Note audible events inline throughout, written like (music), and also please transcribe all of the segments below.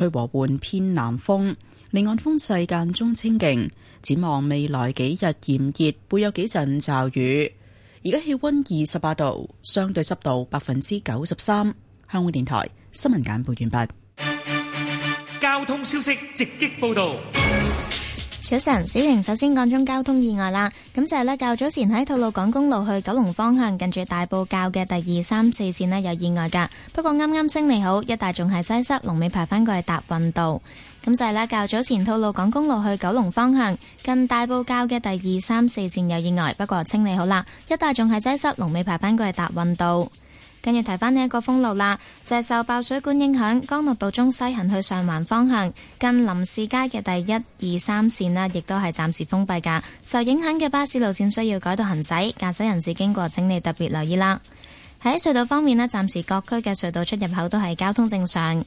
吹和緩偏南風，離岸風勢間中清勁。展望未來幾日炎熱，會有幾陣驟雨。而家氣溫二十八度，相對濕度百分之九十三。香港電台新聞簡報完畢。交通消息直擊報道。早晨，小婷首先講中交通意外啦。咁就係呢較早前喺吐露港公路去九龍方向，近住大埔滘嘅第二三四線呢，有意外噶。不過啱啱清理好，一帶仲係擠塞，龍尾排返過去達運道。咁就係呢較早前吐露港公路去九龍方向，近大埔滘嘅第二三四線有意外，不過清理好啦，一帶仲係擠塞，龍尾排返過去達運道。跟住提翻呢一個封路啦，借、就係、受爆水管影響，干諾道中西行去上環方向，近林士街嘅第一二三線啦，亦都係暫時封閉噶。受影響嘅巴士路線需要改道行駛，駕駛人士經過，請你特別留意啦。喺隧道方面呢，暫時各區嘅隧道出入口都係交通正常。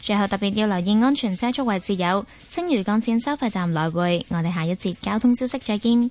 最後特別要留意安全車速位置有青嶼幹線收費站來回。我哋下一節交通消息再見。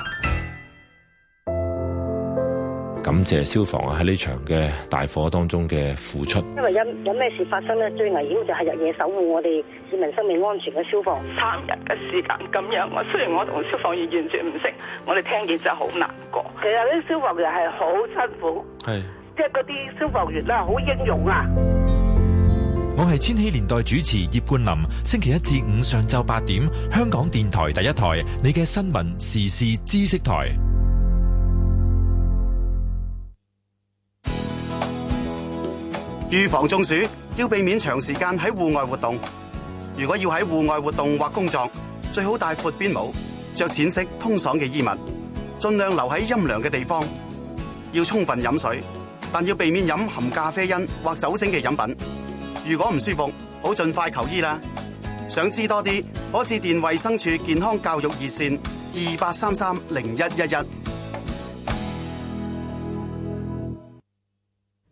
感謝消防啊，喺呢場嘅大火當中嘅付出。因為有有咩事發生呢？最危險就係日夜守護我哋市民生命安全嘅消防。三日嘅時間咁樣，我雖然我同消防員完全唔識，我哋聽見就好難過。其實啲消防員係好辛苦，係即係嗰啲消防員咧好英勇啊。我係千禧年代主持葉冠霖，星期一至五上晝八點，香港電台第一台，你嘅新聞時事知識台。預防中暑，要避免長時間喺戶外活動。如果要喺戶外活動或工作，最好戴闊邊帽，着淺色通爽嘅衣物，盡量留喺陰涼嘅地方。要充分飲水，但要避免飲含咖啡因或酒精嘅飲品。如果唔舒服，好盡快求醫啦。想知多啲，可致電衛生署健康教育熱線二八三三零一一一。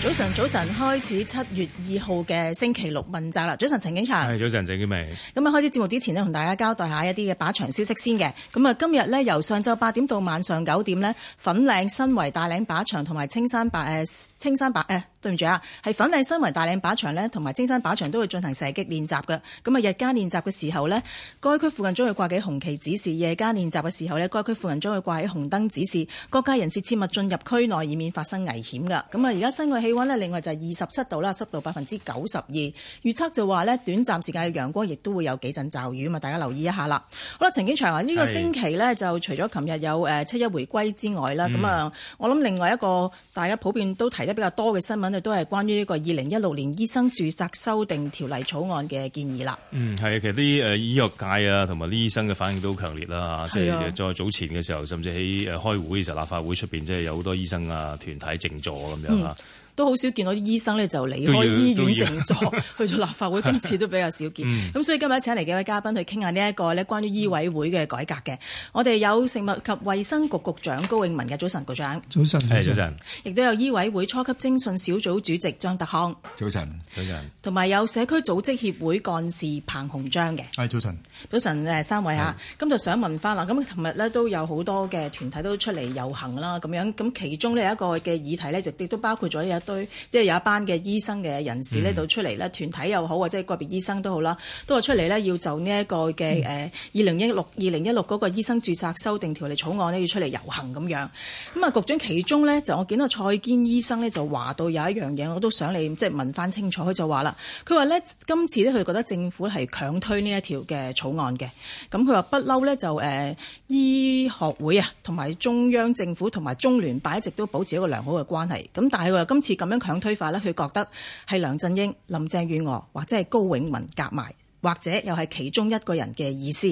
早晨，早晨，開始七月二號嘅星期六問責啦。早晨，陳景祥。係早晨，鄭婉薇。咁啊，開始節目之前呢，同大家交代一下一啲嘅靶場消息先嘅。咁啊，今日呢，由上晝八點到晚上九點呢，粉嶺新圍大嶺靶場同埋青山白誒，青山白誒。呃對唔住啊，係粉嶺新圍大嶺靶場咧，同埋青山靶場都會進行射擊練習嘅。咁啊，日間練習嘅時候咧，該區附近將會掛起紅旗指示；夜間練習嘅時候咧，該區附近將會掛起紅燈指示。各界人士切勿進入區內，以免發生危險㗎。咁啊，而家室外氣温咧，另外就係二十七度啦，濕度百分之九十二。預測就話咧，短暫時間嘅陽光亦都會有幾陣驟雨啊嘛，大家留意一下啦。好啦，陳景祥啊，呢、呢個星期呢，就除咗琴日有誒七一回歸之外啦，咁啊是，嗯、我諗另外一個大家普遍都提得比較多嘅新聞。咧都係關於呢個二零一六年醫生注冊修訂條例草案嘅建議啦。嗯，係啊，其實啲誒醫藥界啊，同埋啲醫生嘅反應都好強烈啦。吓的，即係再早前嘅時候，甚至喺誒開會嘅時候，立法會出邊即係有好多醫生啊團體靜坐咁樣啦。嗯都好少見到啲醫生咧，就離開醫院靜坐， (laughs) 去咗立法會。今次都比較少見，咁、 (laughs) 嗯、所以今日請嚟幾位嘉賓去傾下呢一個咧，關於醫委會嘅改革嘅。嗯、我哋有食物及衛生局局長高永文嘅，早晨，局長。早晨，係早晨。亦都有醫委會初級偵訊小組主席張德康。早晨，早晨。同埋有，有社區組織協會幹事彭鴻昌嘅。係早晨。早晨，誒三位嚇，咁就是想問翻啦。咁尋日呢都有好多嘅團體都出嚟遊行啦，咁樣，咁其中呢一個嘅議題呢，就亦都包括咗一。對，即係有一班嘅醫生嘅人士呢，就、嗯、出嚟咧，團體又好或者係個別醫生都好啦，都話出嚟呢，要就呢、這、一個嘅誒二零一六二零一六嗰個醫生註冊修訂條例草案呢，要出嚟遊行咁樣。咁啊，局長其中呢，就我見到蔡堅醫生呢，就話到有一樣嘢，我都想你即係問翻清楚。佢就話啦，佢話呢，今次呢，佢覺得政府係強推呢一條嘅草案嘅。咁佢話不嬲呢，就、呃、誒醫學會啊，同埋中央政府同埋中聯辦一直都保持一個良好嘅關係。咁但係佢話今次。咁樣強推法，咧，佢覺得係梁振英、林鄭月娥或者係高永文夾埋，或者又係其中一個人嘅意思。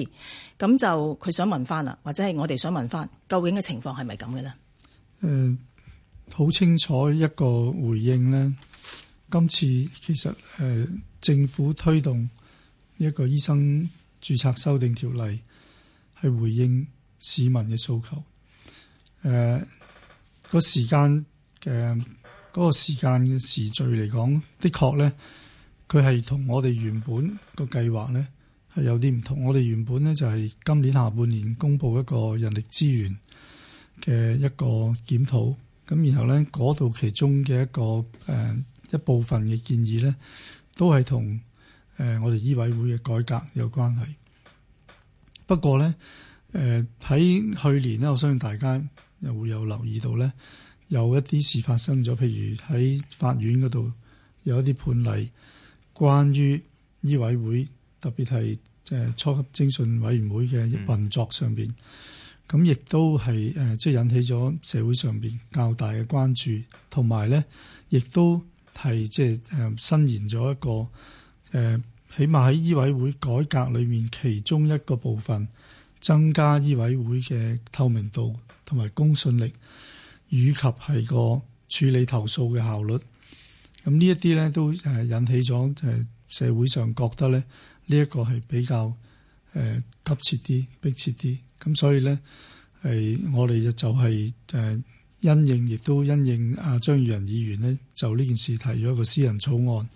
咁就佢想問翻啦，或者係我哋想問翻，究竟嘅情況係咪咁嘅呢？誒、呃，好清楚一個回應呢。今次其實誒、呃，政府推動一個醫生注冊修訂條例，係回應市民嘅訴求。誒、呃，個時間嘅。呃嗰個時間時序嚟講，的確呢，佢係同我哋原本個計劃呢係有啲唔同。我哋原本呢就係、是、今年下半年公布一個人力資源嘅一個檢討，咁然後呢嗰度其中嘅一個誒、呃、一部分嘅建議呢，都係同誒我哋醫委會嘅改革有關係。不過呢，誒、呃、喺去年呢，我相信大家又會有留意到呢。有一啲事發生咗，譬如喺法院嗰度有一啲判例，關於醫委會特別係即係初級偵訊委員會嘅運作上邊，咁亦、嗯、都係誒即係引起咗社會上邊較大嘅關注，同埋咧亦都係即係誒伸延咗一個誒、呃，起碼喺醫委會改革裏面其中一個部分，增加醫委會嘅透明度同埋公信力。以及係個處理投訴嘅效率，咁呢一啲咧都誒引起咗誒社會上覺得咧呢一、這個係比較誒、呃、急切啲、迫切啲，咁所以咧係我哋就係、是、誒、呃、因應亦都因應阿張宇人議員咧就呢件事提咗一個私人草案。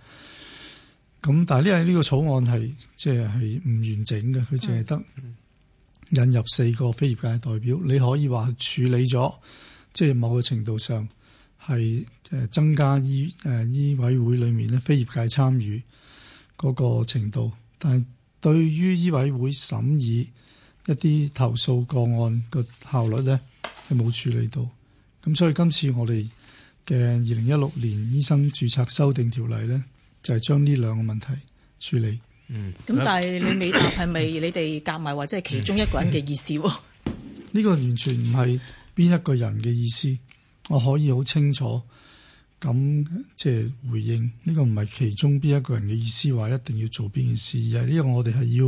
咁但係呢個草案係即係係唔完整嘅，佢淨係得引入四個非業界嘅代表，你可以話處理咗。即係某個程度上係誒增加醫誒、呃、醫委會裏面咧非業界參與嗰個程度，但係對於醫委會審議一啲投訴個案個效率咧係冇處理到，咁所以今次我哋嘅二零一六年醫生註冊修訂條例咧就係將呢兩個問題處理。嗯，咁、嗯、但係你未答係咪你哋夾埋或者係其中一個人嘅意思喎？呢 (laughs) 個完全唔係。邊一個人嘅意思，我可以好清楚咁即係回應呢、呢個唔係其中邊一個人嘅意思，話一定要做邊件事，而係呢個我哋係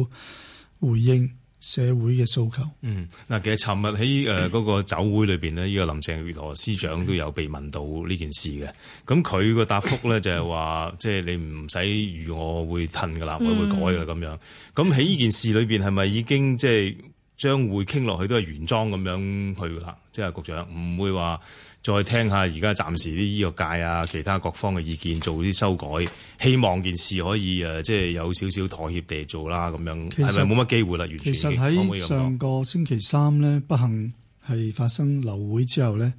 要回應社會嘅訴求。嗯，嗱其實尋日喺誒嗰個酒會裏邊呢，呢個 (laughs) 林鄭月娥司長都有被問到呢件事嘅。咁佢個答覆咧就係話，即係 (laughs) 你唔使預我會褪噶啦，我會改噶咁、嗯、樣。咁喺呢件事裏邊係咪已經即係？就是將會傾落去都係原裝咁樣去㗎啦，即係局長唔會話再聽下而家暫時啲醫藥界啊，其他各方嘅意見做啲修改。希望件事可以誒、呃，即係有少少妥協地做啦，咁樣係咪冇乜機會啦？完全。其實喺上個星期三呢，不幸係發生流會之後呢，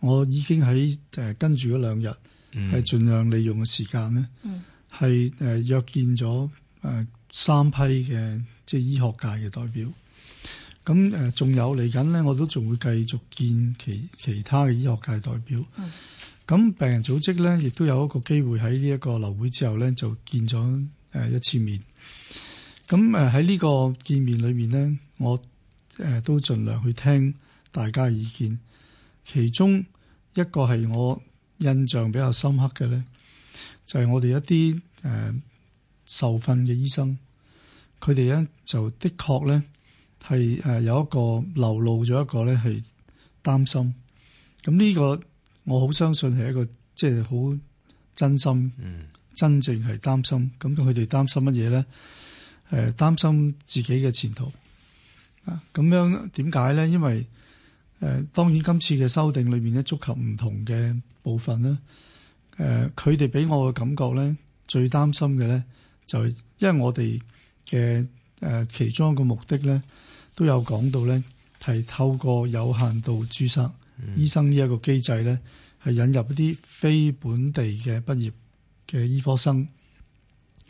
我已經喺誒、呃、跟住嗰兩日係盡量利用嘅時間呢，係誒約見咗誒三批嘅即係醫學界嘅代表。咁誒，仲有嚟緊咧，我都仲會繼續見其其他嘅醫學界代表。咁、嗯、病人組織咧，亦都有一個機會喺呢一個流會之後咧，就見咗誒一次面。咁誒喺呢個見面裏面咧，我誒都盡量去聽大家嘅意見。其中一個係我印象比較深刻嘅咧，就係、是、我哋一啲誒、呃、受訓嘅醫生，佢哋咧就的確咧。係誒有一個流露咗一個咧係擔心，咁呢個我好相信係一個即係好真心，嗯，mm. 真正係擔心。咁佢哋擔心乜嘢咧？誒、呃，擔心自己嘅前途啊！咁樣點解咧？因為誒、呃，當然今次嘅修訂裏面咧，觸及唔同嘅部分啦。誒、呃，佢哋俾我嘅感覺咧，最擔心嘅咧就係、是，因為我哋嘅誒其中一個目的咧。都有講到咧，係透過有限度註冊醫生呢一個機制咧，係引入一啲非本地嘅畢業嘅醫科生。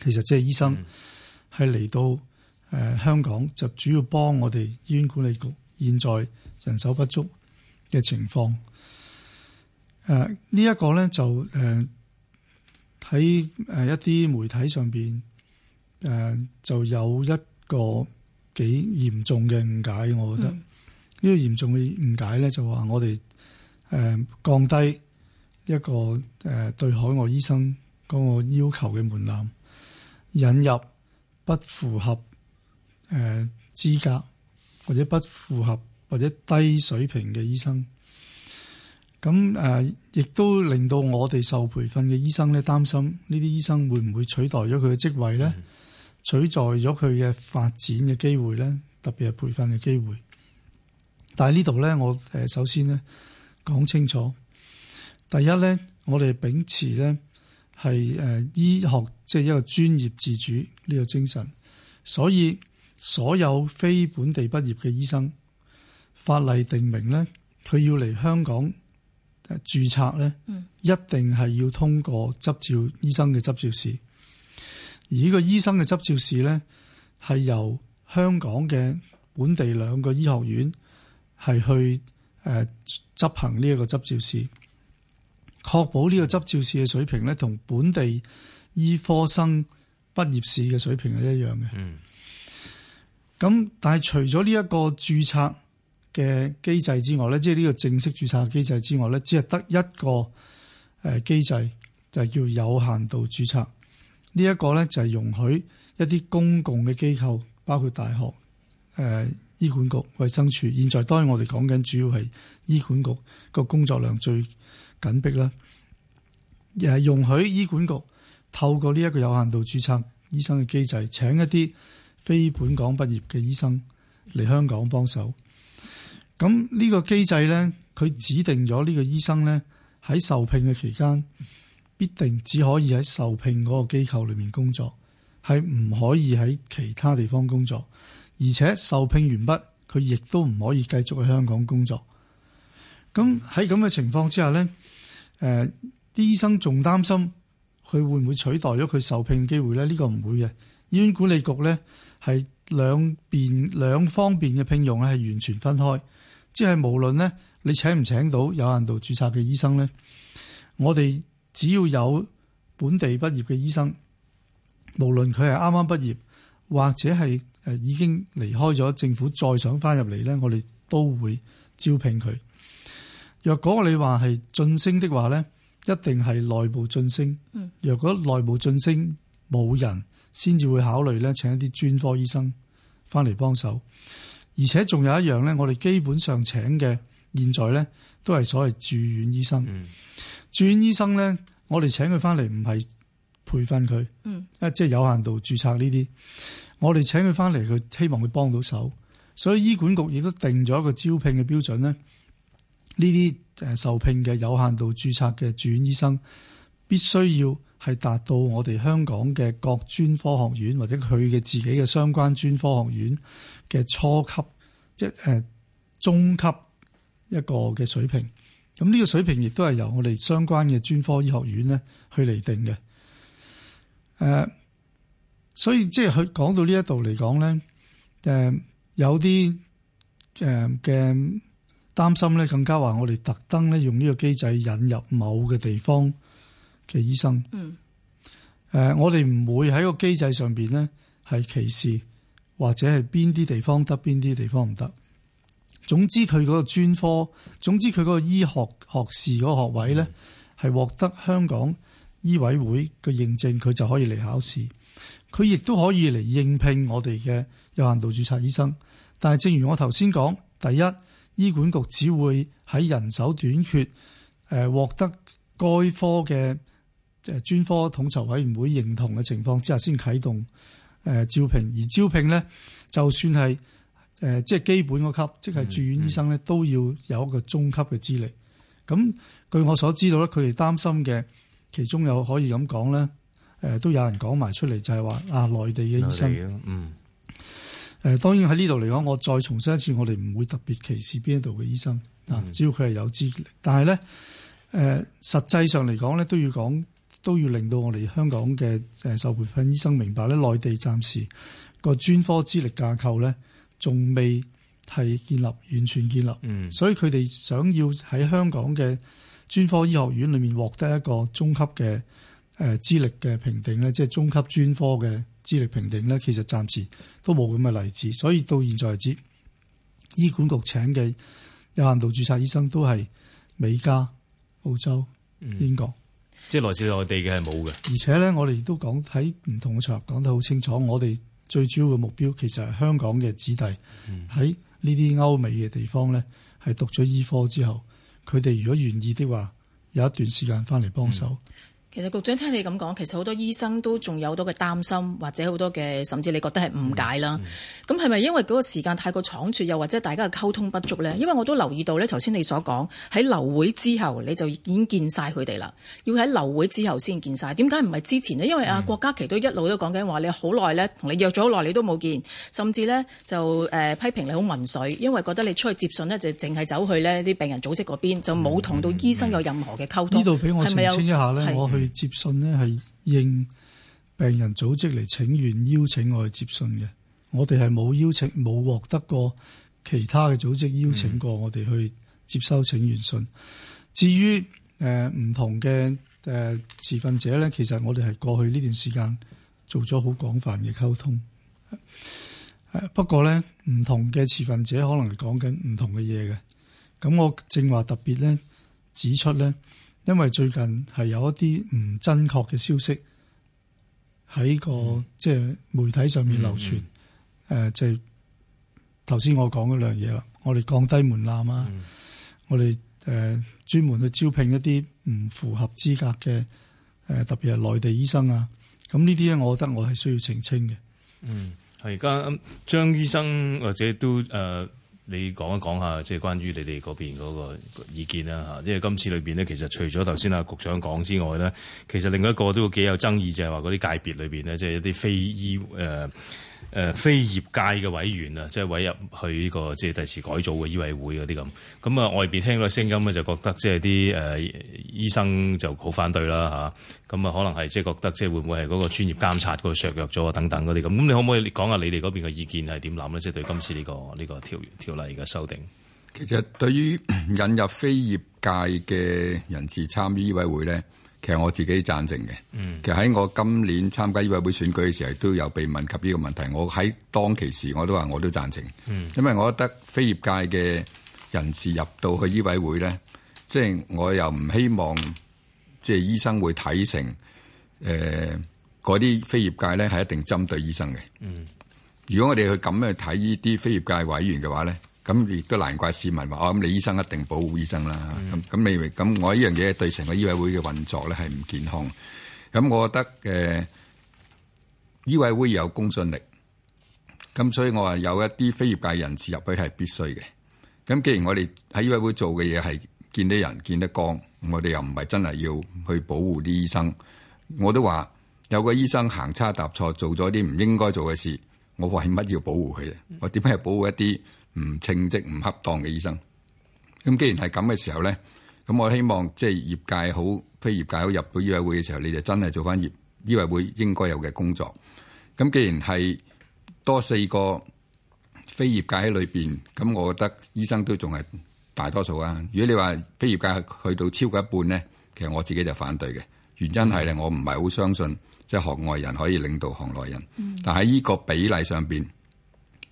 其實即係醫生係嚟到誒、呃、香港，就主要幫我哋醫院管理局現在人手不足嘅情況。誒、呃，這個、呢、呃、一個咧就誒喺誒一啲媒體上邊誒、呃、就有一個。幾嚴重嘅誤解，我覺得呢、嗯、個嚴重嘅誤解咧，就話我哋誒、呃、降低一個誒、呃、對海外醫生嗰個要求嘅門檻，引入不符合誒、呃、資格或者不符合或者低水平嘅醫生，咁誒、呃、亦都令到我哋受培訓嘅醫生咧擔心，呢啲醫生會唔會取代咗佢嘅職位咧？嗯取代咗佢嘅發展嘅機會咧，特別係培訓嘅機會。但係呢度咧，我誒首先咧講清楚。第一咧，我哋秉持咧係誒醫學即係、就是、一個專業自主呢個精神，所以所有非本地畢業嘅醫生，法例定明咧佢要嚟香港誒註冊咧，嗯、一定係要通過執照醫生嘅執照試。而呢個醫生嘅執照試咧，係由香港嘅本地兩個醫學院係去誒、呃、執行呢一個執照試，確保呢個執照試嘅水平咧，同本地醫科生畢業試嘅水平係一樣嘅。嗯。咁但係除咗呢一個註冊嘅機制之外咧，即係呢個正式註冊嘅機制之外咧，只係得一個誒機制，就係叫有限度註冊。呢一個呢，就係容許一啲公共嘅機構，包括大學、誒、呃、醫管局、衞生署。現在當然我哋講緊主要係醫管局個工作量最緊迫啦，亦係容許醫管局透過呢一個有限度註冊醫生嘅機制，請一啲非本港畢業嘅醫生嚟香港幫手。咁、這、呢個機制呢，佢指定咗呢個醫生呢喺受聘嘅期間。必定只可以喺受聘嗰個機構裏面工作，係唔可以喺其他地方工作。而且受聘完畢，佢亦都唔可以繼續喺香港工作。咁喺咁嘅情況之下咧，誒、呃、啲醫生仲擔心佢會唔會取代咗佢受聘機會咧？呢、呢個唔會嘅。醫院管理局咧係兩邊兩方面嘅聘用咧，係完全分開，即係無論咧你請唔請到有限度註冊嘅醫生咧，我哋。只要有本地畢業嘅醫生，無論佢係啱啱畢業或者係誒已經離開咗政府，再想翻入嚟，呢，我哋都會招聘佢。若果你話係晉升的話呢，一定係內部晉升。若果內部晉升冇人，先至會考慮呢請一啲專科醫生翻嚟幫手。而且仲有一樣呢，我哋基本上請嘅現在呢。都係所謂住院醫生。嗯、住院醫生咧，我哋請佢翻嚟唔係培訓佢，啊、嗯、即係有限度註冊呢啲。我哋請佢翻嚟，佢希望佢幫到手。所以醫管局亦都定咗一個招聘嘅標準咧。呢啲誒受聘嘅有限度註冊嘅住院醫生，必須要係達到我哋香港嘅各專科學院或者佢嘅自己嘅相關專科學院嘅初級，即係誒、呃、中級，一個嘅水平，咁呢個水平亦都係由我哋相關嘅專科醫學院咧去嚟定嘅。誒，所以即係佢講到呢一度嚟講咧，誒，有啲誒嘅擔心咧，更加話我哋特登咧用呢個機制引入某個地方嘅醫生。嗯。誒，我哋唔會喺個機制上邊咧係歧視，或者係邊啲地方得，邊啲地方唔得。總之佢嗰個專科，總之佢嗰個醫學學士嗰個學位呢，係獲得香港醫委會嘅認證，佢就可以嚟考試。佢亦都可以嚟應聘我哋嘅有限度註冊醫生。但係正如我頭先講，第一，醫管局只會喺人手短缺，誒獲得該科嘅誒專科統籌委員會認同嘅情況之下先啟動誒招聘。而招聘呢，就算係。誒、呃，即係基本個級，即係住院醫生咧，都要有一個中級嘅資歷。咁據我所知道咧，佢哋擔心嘅，其中有可以咁講咧，誒、呃，都有人講埋出嚟，就係話啊，內地嘅醫生，嗯，誒、呃，當然喺呢度嚟講，我再重申一次，我哋唔會特別歧視邊度嘅醫生啊、呃，只要佢係有資歷。但係咧，誒、呃，實際上嚟講咧，都要講，都要令到我哋香港嘅誒受培訓醫生明白咧，內地暫時個專科資歷架構咧。仲未係建立，完全建立，嗯，所以佢哋想要喺香港嘅專科醫學院裏面獲得一個中級嘅誒資歷嘅評定咧，即係中級專科嘅資歷評定咧，其實暫時都冇咁嘅例子。所以到現在為止，醫管局請嘅有限度注冊醫生都係美加、澳洲、英國，嗯，即係來自內地嘅係冇嘅。而且咧，我哋都講，喺唔同嘅場合講得好清楚，我哋。最主要嘅目標其實係香港嘅子弟喺呢啲歐美嘅地方呢，係讀咗醫科之後，佢哋如果願意的話，有一段時間翻嚟幫手。其實局長聽你咁講，其實好多醫生都仲有好多嘅擔心，或者好多嘅甚至你覺得係誤解啦。咁係咪因為嗰個時間太過倉促，又或者大家嘅溝通不足呢？因為我都留意到呢，頭先你所講喺流會之後你就已經見晒佢哋啦。要喺流會之後先見晒。點解唔係之前呢？因為阿郭家麒都一路都講緊話，你好耐呢，同你約咗好耐，你都冇見，甚至呢就誒、呃、批評你好混水，因為覺得你出去接信呢，就淨係走去呢啲病人組織嗰邊，就冇同到醫生有任何嘅溝通。呢度俾我澄清一下呢。我去。是接信呢係應病人組織嚟請願邀請我去接信嘅，我哋係冇邀請冇獲得過其他嘅組織邀請過我哋去接收請願信。嗯、至於誒唔同嘅誒、呃、持份者咧，其實我哋係過去呢段時間做咗好廣泛嘅溝通。誒，不過咧唔同嘅持份者可能係講緊唔同嘅嘢嘅。咁我正話特別咧指出咧。因為最近係有一啲唔真確嘅消息喺個、嗯、即係媒體上面流傳，誒即係頭先我講嗰兩樣嘢啦，我哋降低門檻啊，嗯、我哋誒專門去招聘一啲唔符合資格嘅誒、呃，特別係內地醫生啊，咁呢啲咧，我覺得我係需要澄清嘅。嗯，係而家張醫生或者都誒。呃你講一講下，即係關於你哋嗰邊嗰個意見啦吓，因為今次裏邊咧，其實除咗頭先阿局長講之外咧，其實另一個都幾有爭議，就係話嗰啲界別裏邊咧，即係一啲非醫誒。呃誒、呃、非業界嘅委員啊，即係委入去呢、這個即係第時改組嘅醫委會嗰啲咁。咁、嗯、啊外邊聽到聲音咧，就覺得即係啲誒醫生就好反對啦嚇。咁啊、嗯、可能係即係覺得即係會唔會係嗰個專業監察嗰個削弱咗啊等等嗰啲咁。咁你可唔可以講下你哋嗰邊嘅意見係點諗咧？即係對今次呢、這個呢、這個條條例嘅修訂？其實對於引入非業界嘅人士參與醫委會咧。其實我自己贊成嘅。其實喺我今年參加醫委會選舉嘅時候，亦都有被問及呢個問題。我喺當其時我都話我都贊成，因為我覺得非業界嘅人士入到去醫委會咧，即係我又唔希望即係醫生會睇成誒嗰啲非業界咧係一定針對醫生嘅。如果我哋去咁樣去睇呢啲非業界委員嘅話咧。咁亦都難怪市民話，我、哦、咁，你醫生一定保護醫生啦。咁、嗯，咁你咁我呢樣嘢對成個醫委會嘅運作咧係唔健康。咁，我覺得誒、呃、醫委會有公信力，咁所以我話有一啲非業界人士入去係必須嘅。咁既然我哋喺醫委會做嘅嘢係見得人、見得光，我哋又唔係真係要去保護啲醫生。我都話有個醫生行差踏錯，做咗啲唔應該做嘅事，我為乜要保護佢啊？我點解要保護一啲唔稱職唔恰當嘅醫生，咁既然係咁嘅時候咧，咁我希望即係業界好，非業界好入到醫委會嘅時候，你就真係做翻業醫委會應該有嘅工作。咁既然係多四個非業界喺裏邊，咁我覺得醫生都仲係大多數啊。如果你話非業界去到超過一半咧，其實我自己就反對嘅，原因係咧我唔係好相信即係、就是、行外人可以領導行內人。嗯、但喺呢個比例上邊，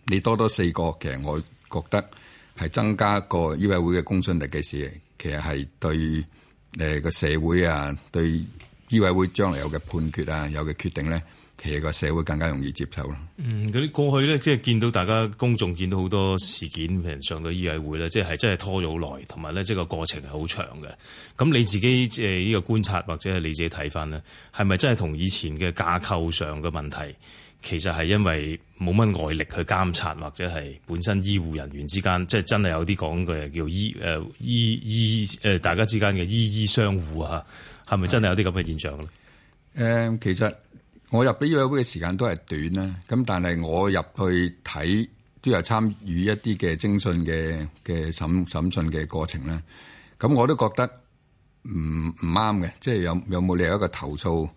你多多四個，其實我。覺得係增加個醫委會嘅公信力嘅事，其實係對誒個社會啊，對醫委會將來有嘅判決啊，有嘅決定咧，其實個社會更加容易接受咯。嗯，啲過去咧，即係見到大家公眾見到好多事件，譬如上到醫委會咧，即係真係拖咗好耐，同埋咧即係個過程係好長嘅。咁你自己即係呢個觀察，或者係你自己睇翻咧，係咪真係同以前嘅架構上嘅問題？其實係因為冇乜外力去監察，或者係本身醫護人員之間，即係真係有啲講嘅叫醫誒、呃、醫醫誒、呃、大家之間嘅醫醫相護啊，係咪真係有啲咁嘅現象咧？誒、嗯，其實我入俾醫委會嘅時間都係短啦，咁但係我入去睇都有參與一啲嘅徵訊嘅嘅審審訊嘅過程咧，咁我都覺得唔唔啱嘅，即係有有冇你有理由一個投訴，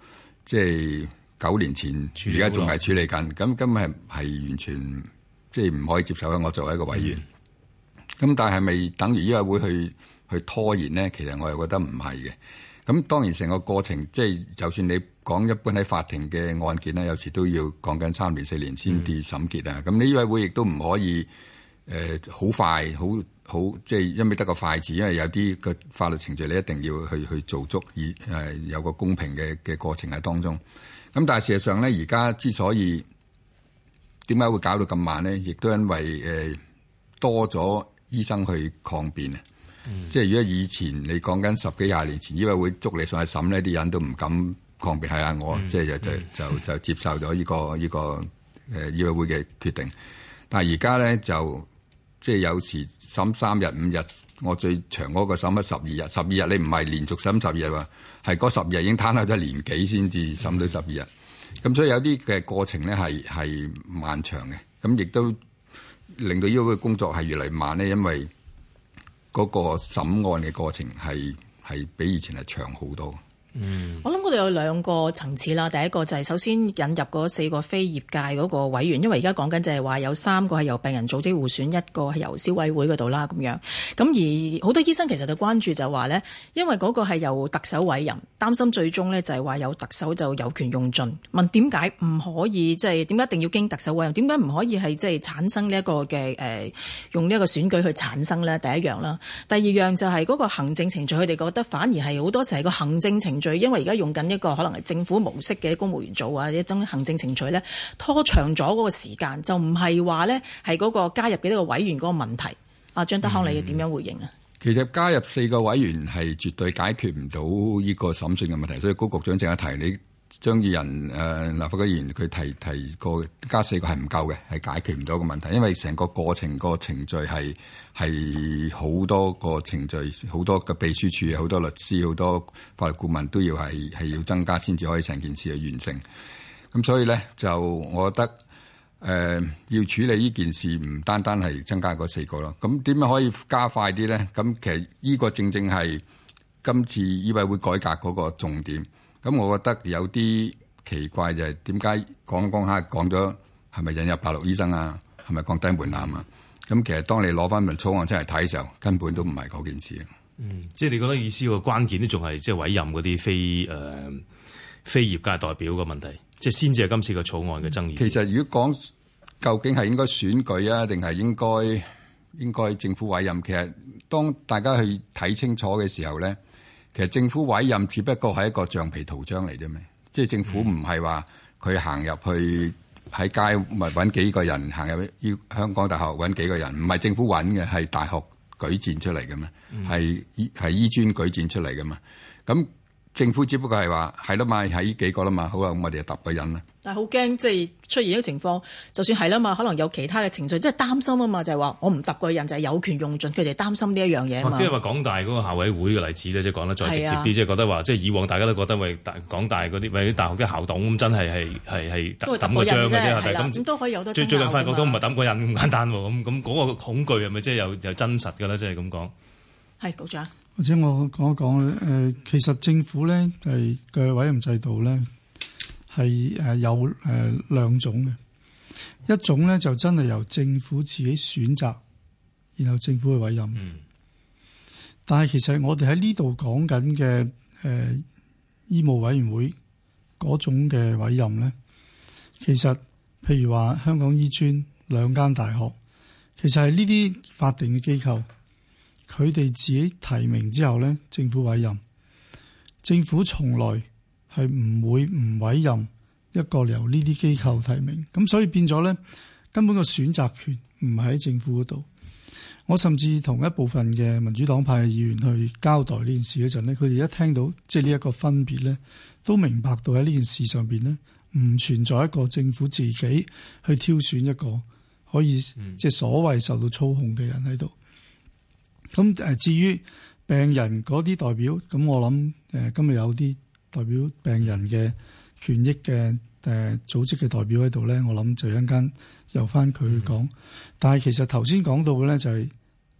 即係。九年前，而家仲係處理緊，咁今日係完全即係唔可以接受嘅。我作為一個委員，咁、嗯、但係咪等於醫委會去去拖延呢？其實我又覺得唔係嘅。咁當然成個過程，即係就算你講一般喺法庭嘅案件呢，有時都要講緊三年四年先至審結啊。咁你醫委會亦都唔可以誒，好快，好好即係因為得個快字，因為有啲個法律程序你一定要去去做足以，以誒有個公平嘅嘅過程喺當中。咁但係事實上咧，而家之所以點解會搞到咁慢咧，亦都因為誒、呃、多咗醫生去抗辯啊！嗯、即係如果以前你講緊十幾廿年前，醫委會捉你上去審呢啲人都唔敢抗辯。係啊、嗯，我即係就就就就接受咗呢、這個呢、這個誒醫委、呃、會嘅決定。但係而家咧就即係有時審三日五日，我最長嗰個審乜十二日，十二日你唔係連續審十二日喎。係嗰十日已經攤喺咗一年幾先至審到十二日，咁、嗯、所以有啲嘅過程咧係係漫長嘅，咁亦都令到呢個工作係越嚟越慢咧，因為嗰個審案嘅過程係係比以前係長好多。嗯，我諗我哋有兩個層次啦。第一個就係首先引入四個非業界嗰個委員，因為而家講緊就係話有三個係由病人組織互選，一個係由消委會嗰度啦咁樣。咁而好多醫生其實就關注就話咧，因為嗰個係由特首委任，擔心最終咧就係話有特首就有權用盡。問，點解唔可以即係點解一定要經特首委任？點解唔可以係即係產生呢一個嘅誒、呃、用呢一個選舉去產生咧？第一樣啦，第二樣就係嗰個行政程序，佢哋覺得反而係好多時係個行政程。因為而家用緊一個可能係政府模式嘅公務員組啊，一啲行政程序咧拖長咗嗰個時間，就唔係話咧係嗰個加入幾多個委員嗰個問題。啊，張德康，你點樣回應啊、嗯？其實加入四個委員係絕對解決唔到呢個審訊嘅問題，所以高局長正一提你。將二人誒立、呃、法會議員佢提提過加四個係唔夠嘅，係解決唔到個問題，因為成個過程個程序係係好多個程序，好多嘅秘書處、好多律師、好多法律顧問都要係係要增加先至可以成件事嘅完成。咁所以咧，就我覺得誒、呃、要處理呢件事，唔單單係增加嗰四個咯。咁點樣可以加快啲咧？咁其實呢個正正係今次醫委會改革嗰個重點。咁我覺得有啲奇怪就係點解講講下講咗係咪引入白鹿醫生啊？係咪降低門檻啊？咁其實當你攞翻份草案出嚟睇嘅時候，根本都唔係嗰件事。嗯，即係你覺得意思個關鍵都仲係即係委任嗰啲非誒、呃、非業界代表嘅問題，即係先至係今次個草案嘅爭議，嗯。其實如果講究竟係應該選舉啊，定係應該應該政府委任？其實當大家去睇清楚嘅時候咧。其實政府委任，只不過係一個橡皮圖章嚟啫咩？即係政府唔係話佢行入去喺街，咪揾幾個人行入去？要香港大學揾幾個人？唔係政府揾嘅，係大學舉薦出嚟嘅嘛？係係醫專舉薦出嚟嘅嘛？咁。政府只不過係話係啦嘛，喺幾個啦嘛，好啊，咁我哋就揼個人啦。但係好驚，即係出現一個情況，就算係啦嘛，可能有其他嘅程序，即係擔心啊嘛，就係話我唔揼個人，就係有權用盡，佢哋擔心呢一樣嘢啊嘛。即係話港大嗰個校委會嘅例子咧，即係講得再直接啲，啊，即係覺得話，即係以往大家都覺得喂，港大嗰啲喂啲大學嘅校董咁真係係係係揼個章嘅啫，係啦，咁都可以有得爭。最最近發覺都唔係揼個人咁簡單喎，咁咁嗰個恐懼係咪即係又又真實嘅咧？即係咁講。係局長。.或者我講一講咧，誒其實政府咧係嘅委任制度咧係誒有誒兩種嘅，一種咧就真係由政府自己選擇，然後政府去委任。但係其實我哋喺呢度講緊嘅誒醫務委員會嗰種嘅委任咧，其實譬如話香港醫專、兩間大學，其實係呢啲法定嘅機構。佢哋自己提名之後咧，政府委任，政府從來係唔會唔委任一個由呢啲機構提名，咁所以變咗咧，根本個選擇權唔係喺政府嗰度。我甚至同一部分嘅民主黨派嘅議員去交代呢件事嗰陣咧，佢哋一聽到即係呢一個分別咧，都明白到喺呢件事上邊咧，唔存在一個政府自己去挑選一個可以、嗯、即係所謂受到操控嘅人喺度。咁誒，至於病人嗰啲代表，咁我諗誒，今日有啲代表病人嘅權益嘅誒組織嘅代表喺度咧，我諗就一陣間由翻佢去講。Mm hmm. 但係其實頭先講到嘅咧，就是，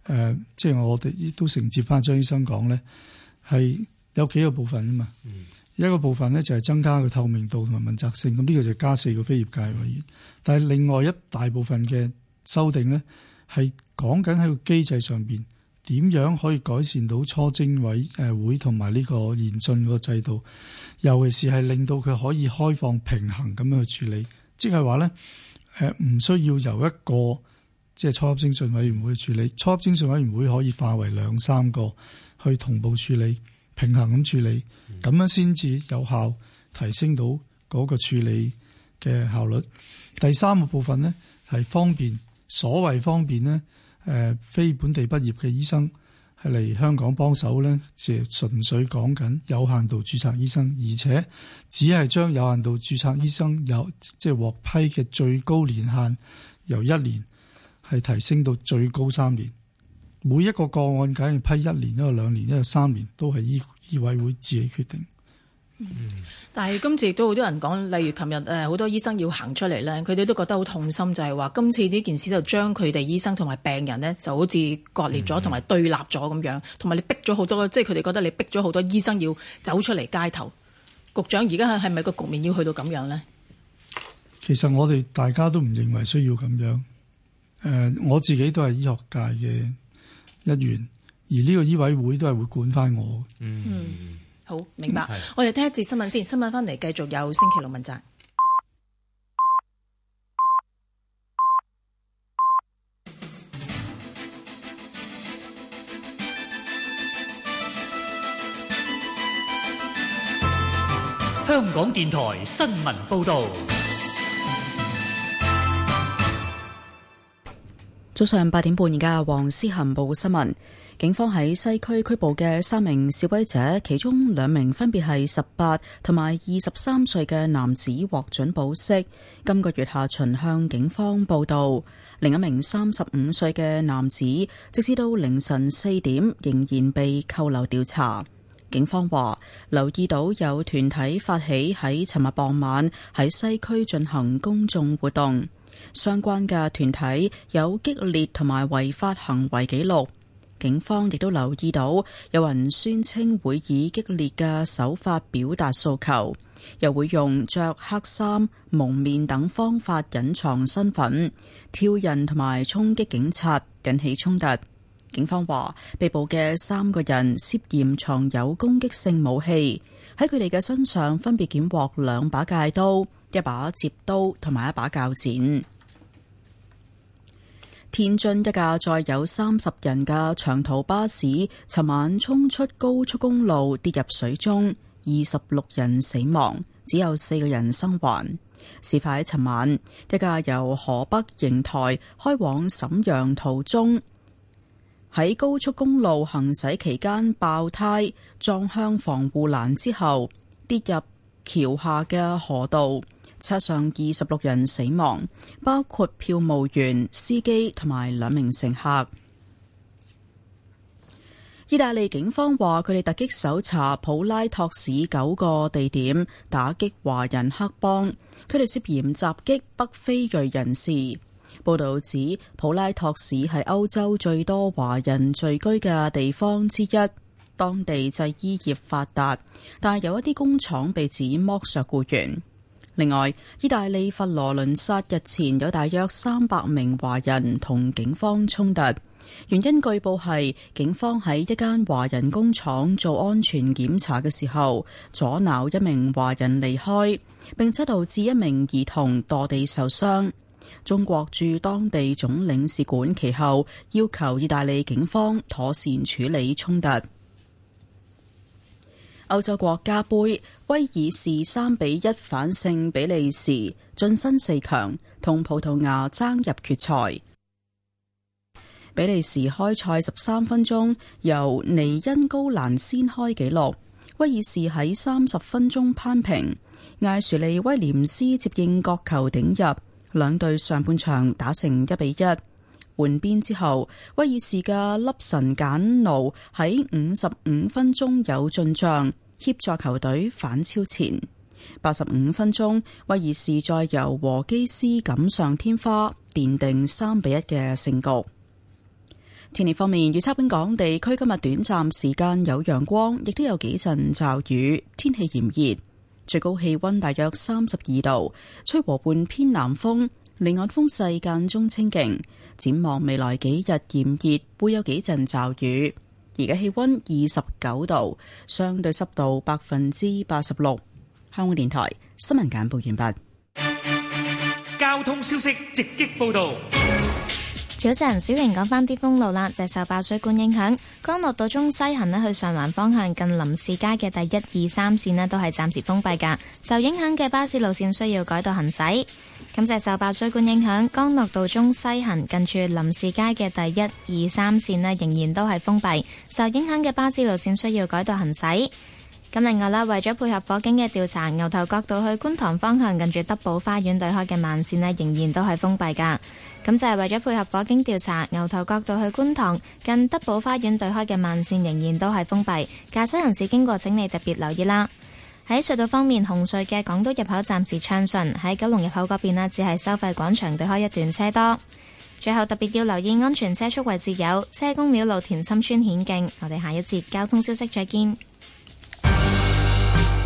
就係誒，即係我哋亦都承接翻張醫生講咧，係有幾個部分啊嘛。Mm hmm. 一個部分咧就係增加個透明度同埋問責性，咁、這、呢個就加四個非業界。但係另外一大部分嘅修訂咧，係講緊喺個機制上邊。點樣可以改善到初偵委誒會同埋呢個偵訊個制度？尤其是係令到佢可以開放平衡咁樣去處理，即係話咧誒，唔需要由一個即係初級偵訊委員會去處理，初級偵訊委員會可以化為兩三個去同步處理，平衡咁處理，咁樣先至有效提升到嗰個處理嘅效率。第三個部分咧係方便，所謂方便咧。誒非本地畢業嘅醫生係嚟香港幫手咧，就純粹講緊有限度註冊醫生，而且只係將有限度註冊醫生有即係獲批嘅最高年限由一年係提升到最高三年。每一個個案緊係批一年，一個兩年，一個三年，都係醫醫委會自己決定。嗯，但係今次亦都好多人講，例如琴日誒，好多醫生要行出嚟呢，佢哋都覺得好痛心，就係話今次呢件事就將佢哋醫生同埋病人呢就好似割裂咗，同埋對立咗咁樣，同埋你逼咗好多，即係佢哋覺得你逼咗好多醫生要走出嚟，嗯就是街頭。局長，而家係咪個局面要去到咁樣呢？其實我哋大家都唔認為需要咁樣。誒、呃，我自己都係醫學界嘅一員，而呢個醫委會都係會管返我。嗯。嗯好，明白。的我哋聽一節新聞先，新聞翻嚟，繼續有星期六問責。香港電台新聞報道。早上八點半，而家黃思恒報新聞。警方喺西區拘捕嘅三名示威者，其中兩名分別係十八同埋二十三歲嘅男子獲准保釋。今個月下旬向警方報道，另一名三十五歲嘅男子，直至到凌晨四點仍然被扣留調查。警方話留意到有團體發起喺尋日傍晚喺西區進行公眾活動，相關嘅團體有激烈同埋違法行為記錄。警方亦都留意到有人宣稱會以激烈嘅手法表達訴求，又會用着黑衫、蒙面等方法隱藏身份，挑釁同埋衝擊警察，引起衝突。警方話被捕嘅三個人涉嫌藏有攻擊性武器，喺佢哋嘅身上分別檢獲兩把戒刀、一把折刀同埋一把鉸剪。天津一架載有三十人嘅長途巴士，尋晚衝出高速公路，跌入水中，二十六人死亡，只有四個人生還。事發喺尋晚，一架由河北邢台開往瀋陽途中，喺高速公路行駛期間爆胎，撞向防護欄之後，跌入橋下嘅河道。車上二十六人死亡，包括票務員、司機同埋兩名乘客。意大利警方話佢哋突擊搜查普拉托市九個地點，打擊華人黑幫。佢哋涉嫌襲擊北非裔人士。報道指，普拉托市係歐洲最多華人聚居嘅地方之一，當地製衣業發達，但係有一啲工廠被指剝削僱員。另外，意大利佛羅倫薩日前有大約三百名華人同警方衝突，原因據報係警方喺一間華人工廠做安全檢查嘅時候，阻撓一名華人離開，並且導致一名兒童墮地受傷，中國駐當地總領事館其後要求意大利警方妥善處理衝突。歐洲國家盃，威爾士三比一反勝比利時，晉身四強，同葡萄牙爭入決賽。比利時開賽十三分鐘，由尼恩高蘭先開紀錄，威爾士喺三十分鐘攀平，艾殊利威廉斯接應角球頂入，兩隊上半場打成一比一。換邊之後，威爾士嘅粒神簡奴喺五十五分鐘有進帳，協助球隊反超前。八十五分鐘，威爾士再由和基斯錦上添花，奠定三比一嘅勝局。天氣方面，預測本港地區今日短暫時間有陽光，亦都有幾陣驟雨，天氣炎熱，最高氣溫大約三十二度，吹和半偏南風，離岸風勢間中清勁。展望未來幾日炎熱，會有幾陣驟雨。而家氣溫二十九度，相對濕度百分之八十六。香港電台新聞簡報完畢。交通消息直擊報道。早晨，小婷講返啲封路啦。就係受爆水管影響干諾道中西行咧，去上環方向近林士街嘅第一二三線咧，都係暫時封閉噶。受影響嘅巴士路線需要改道行駛。咁就係受爆水管影響干諾道中西行近住林士街嘅第一二三線咧，仍然都係封閉。受影響嘅巴士路線需要改道行駛。咁另外啦，為咗配合火警嘅調查，牛頭角道去觀塘方向，近住德寶花園對開嘅慢線呢，仍然都係封閉噶。咁就係為咗配合火警調查，牛頭角道去觀塘近德寶花園對開嘅慢線仍然都係封閉，駕車人士經過請你特別留意啦。喺隧道方面，紅隧嘅港島入口暫時暢順，喺九龍入口嗰邊呢，只係收費廣場對開一段車多。最後特別要留意安全車速位置有車公廟路、田心村顯徑。我哋下一節交通消息再見。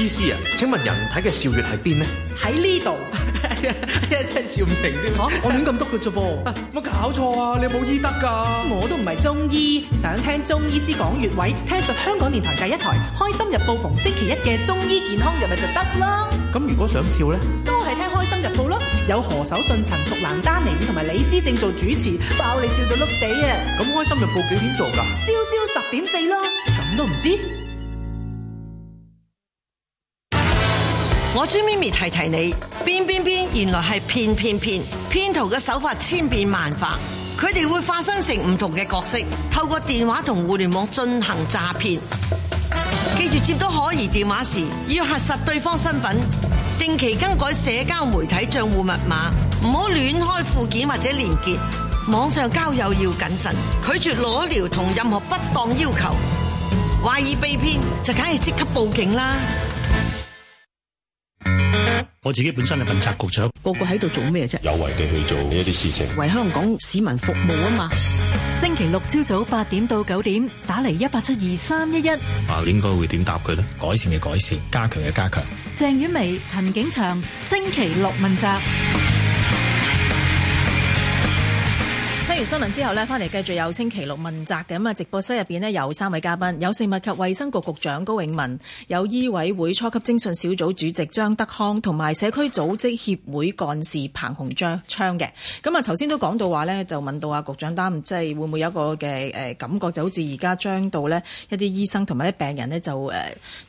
醫師啊，請問人體嘅笑穴喺邊呢？喺呢度，呀， (laughs) 真係笑唔停添。我亂咁篤嘅啫噃，冇搞錯啊！麼麼啊啊你冇醫德噶、啊。我都唔係中醫，想聽中醫師講穴位，聽實香港電台第一台《開心日報》逢星期一嘅中醫健康日咪就得咯。咁如果想笑咧，都係聽《開心日報》咯，有何守信、陳淑蘭、丹尼同埋李思正做主持，爆你笑到碌地啊！咁《開心日報》幾點做噶？朝朝十點四咯。咁都唔知。我專咪咪提提你，編編編原來係騙騙騙，騙徒嘅手法千變萬化，佢哋會化身成唔同嘅角色，透過電話同互聯網進行詐騙。記住接到可疑電話時，要核實對方身份，定期更改社交媒體賬戶密碼，唔好亂開附件或者連結。網上交友要謹慎，拒絕裸聊同任何不當要求。懷疑被騙就梗係即刻報警啦。我自己本身係問責局長，個個喺度做咩啫？有為地去做呢一啲事情，為香港市民服務啊嘛！ (music) 星期六朝早八點到九點，打嚟一八七二三一一。啊，應該會點答佢咧？改善嘅改善，加強嘅加強。鄭婉薇、陳景祥，星期六問責。新聞之後呢，翻嚟繼續有星期六問責嘅咁啊！直播室入邊呢，有三位嘉賓，有食物及衛生局局長高永文，有醫委會初級偵訊小組主席張德康，同埋社區組織協會幹事彭鴻昌嘅咁啊，頭先都講到話呢，就問到啊局長擔，即係會唔會有一個嘅誒感覺，就好似而家將到呢一啲醫生同埋啲病人呢，就誒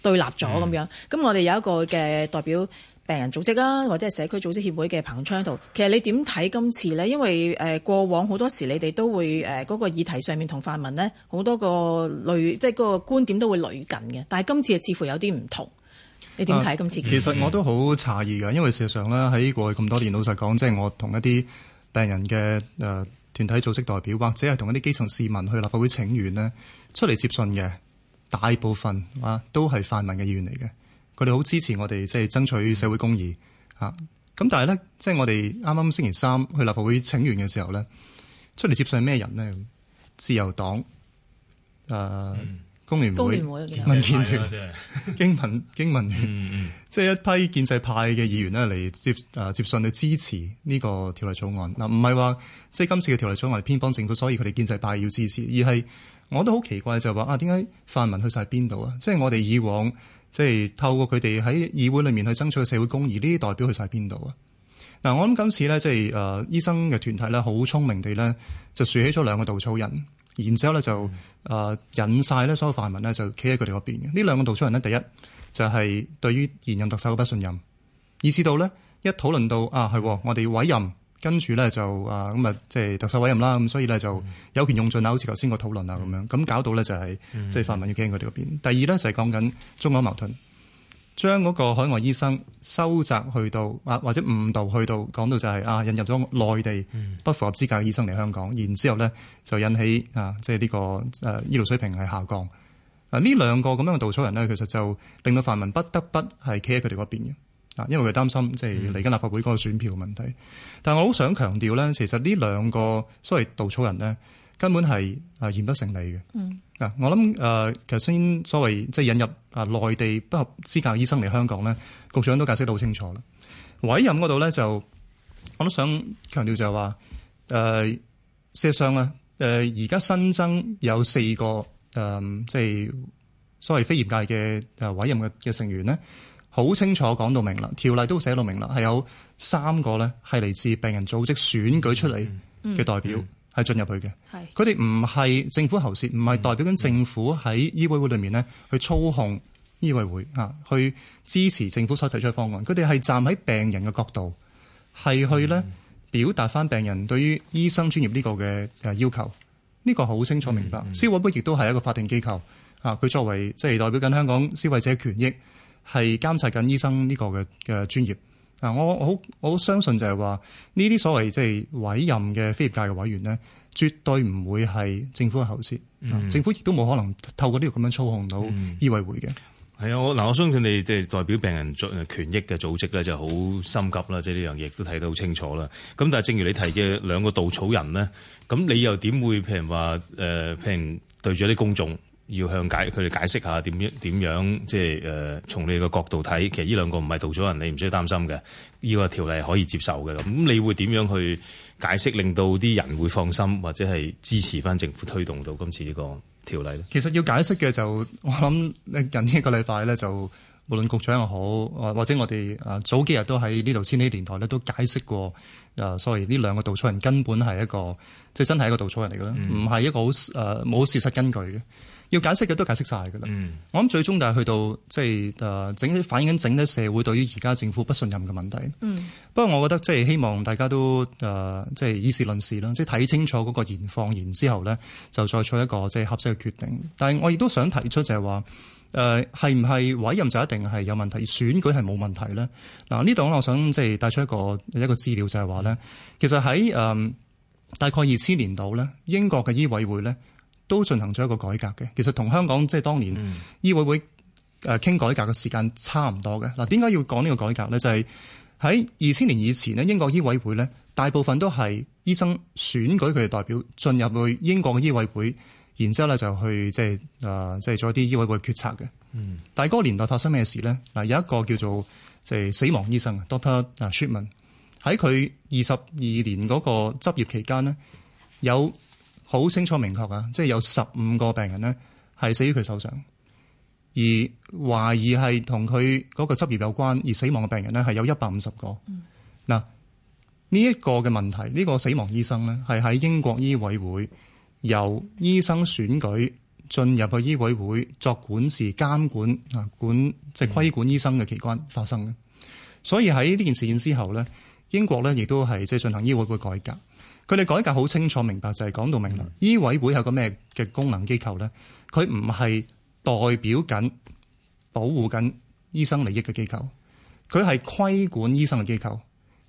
對立咗咁樣。咁、嗯、我哋有一個嘅代表。病人組織啊，或者係社區組織協會嘅彭鴻昌度，其實你點睇今次呢？因為誒、呃、過往好多時，你哋都會誒嗰、呃這個議題上面同泛民呢，好多個類即係嗰個觀點都會類近嘅。但係今次似乎有啲唔同，你點睇今次？其實我都好詫異嘅，因為事實上咧，喺過去咁多年，老實講，即、就、係、是、我同一啲病人嘅誒團體組織代表，或者係同一啲基層市民去立法會請願呢，出嚟接信嘅大部分啊，都係泛民嘅議員嚟嘅。佢哋好支持我哋即係爭取社會公義、嗯、啊！咁但係咧，即、就、係、是、我哋啱啱星期三去立法會請願嘅時候咧，出嚟接信咩人咧？自由黨、誒、啊嗯、工聯會、會民建聯、就是、經民、經民聯，即係一批建制派嘅議員咧嚟接誒、啊、接信去支持呢個條例草案。嗱、啊，唔係話即係今次嘅條例草案偏幫政府，所以佢哋建制派要支持，而係我都好奇怪就話、是、啊，點、啊、解泛民去晒邊度啊？即、就、係、是、我哋以往，往。即係透過佢哋喺議會裏面去爭取社會公義，呢啲代表去晒邊度啊？嗱，我諗今次咧，即係誒、呃、醫生嘅團體咧，好聰明地咧，就樹起咗兩個稻草人，然之後咧就誒、呃、引晒咧所有泛民咧就企喺佢哋嗰邊嘅。呢兩個稻草人咧，第一就係、是、對於現任特首嘅不信任，以至討論到咧一討論到啊係我哋委任。跟住咧就啊咁啊，即、呃、係、就是、特首委任啦，咁所以咧就有權用盡啊，好似頭先個討論啊咁樣，咁搞到咧就係即係泛民要企喺佢哋嗰邊。嗯嗯、第二咧就係講緊中港矛盾，將嗰個海外醫生收窄去到啊，或者誤導去到講到就係、是、啊，引入咗內地不符合資格嘅醫生嚟香港，然之後咧就引起啊，即係呢個誒、啊、醫療水平係下降。啊，兩呢兩個咁樣嘅稻草人咧，其實就令到泛民不得不係企喺佢哋嗰邊嘅。啊，因為佢擔心即係嚟緊立法會嗰個選票嘅問題，嗯、但係我好想強調咧，其實呢兩個所謂稻草人咧，根本係誒言不成理嘅。嗯，嗱，我諗誒，頭先所謂即係引入啊內地不合資格醫生嚟香港咧，局長都解釋得好清楚啦。委任嗰度咧就，我都想強調就係話、呃、事實上咧誒，而、呃、家新增有四個誒、呃，即係所謂非業界嘅誒委任嘅嘅成員咧。好清楚講到明啦，條例都寫到明啦，係有三個咧，係嚟自病人組織選舉出嚟嘅代表，係進入去嘅。係佢哋唔係政府喉舌，唔係、嗯、代表緊政府喺醫委會裏面咧去操控醫委會啊，嗯、去支持政府所提出嘅方案。佢哋係站喺病人嘅角度，係去咧表達翻病人對於醫生專業呢個嘅誒要求。呢、呢個好清楚明白。消委會亦都係一個法定機構啊，佢作為即係代表緊香港消費者權益。係監察緊醫生呢個嘅嘅專業，嗱我好我好相信就係話呢啲所謂即係委任嘅非業界嘅委員呢，絕對唔會係政府嘅喉舌，嗯、政府亦都冇可能透過呢個咁樣操控到醫委會嘅。係啊、嗯，我嗱我相信你即係代表病人權益嘅組織咧，就好心急啦，即係呢樣嘢都睇得好清楚啦。咁但係正如你提嘅兩個稻草人呢，咁你又點會譬如話誒，譬如對住啲公眾？要向解佢哋解釋下點樣點樣，即係誒從你嘅角度睇，其實呢兩個唔係稻草人，你唔需要擔心嘅。呢、這個條例可以接受嘅，咁，你會點樣去解釋，令到啲人會放心或者係支持翻政府推動到今次呢個條例咧？其實要解釋嘅就是、我諗近呢一個禮拜咧，就無論局長又好，或者我哋誒早幾日都喺呢度千禧年代咧都解釋過誒。所謂呢兩個稻草人根本係一個即係、就是、真係一個稻草人嚟嘅，唔係、嗯、一個好誒冇事實根據嘅。要解釋嘅都解釋晒㗎啦。嗯、我諗最終就係去到即係誒整反映緊整體社會對於而家政府不信任嘅問題。嗯、不過我覺得即係、就是、希望大家都誒即係以事論事啦，即係睇清楚嗰個現況然之後咧，就再取一個即係、就是、合適嘅決定。但係我亦都想提出就係話誒係唔係委任就一定係有問題，選舉係冇問題咧？嗱呢度我想即係帶出一個一個資料就係話咧，其實喺誒、呃、大概二千年度咧，英國嘅醫委會咧。都進行咗一個改革嘅，其實同香港即係當年、嗯、醫委會誒傾改革嘅時間差唔多嘅。嗱，點解要講呢個改革咧？就係喺二千年以前咧，英國醫委會咧大部分都係醫生選舉佢哋代表進入去英國嘅醫委會，然之後咧就去即係誒即係做一啲醫委會決策嘅。嗯，但係嗰個年代發生咩事咧？嗱，有一個叫做即係死亡醫生 Doctor 誒 Shipman 喺佢二十二年嗰個執業期間咧有。好清楚明確啊，即係有十五個病人咧係死於佢手上，而懷疑係同佢嗰個執業有關而死亡嘅病人咧係有一百五十個。嗱，呢一個嘅問題，呢、這個死亡醫生咧係喺英國醫委會由醫生選舉進入去醫委會作管事監管啊管，即係規管醫生嘅機關發生嘅。所以喺呢件事件之後咧，英國咧亦都係即係進行醫委會改革。佢哋改革好清楚明白，就係講到明啦。的醫委會係個咩嘅功能機構咧？佢唔係代表緊、保護緊醫生利益嘅機構，佢係規管醫生嘅機構。而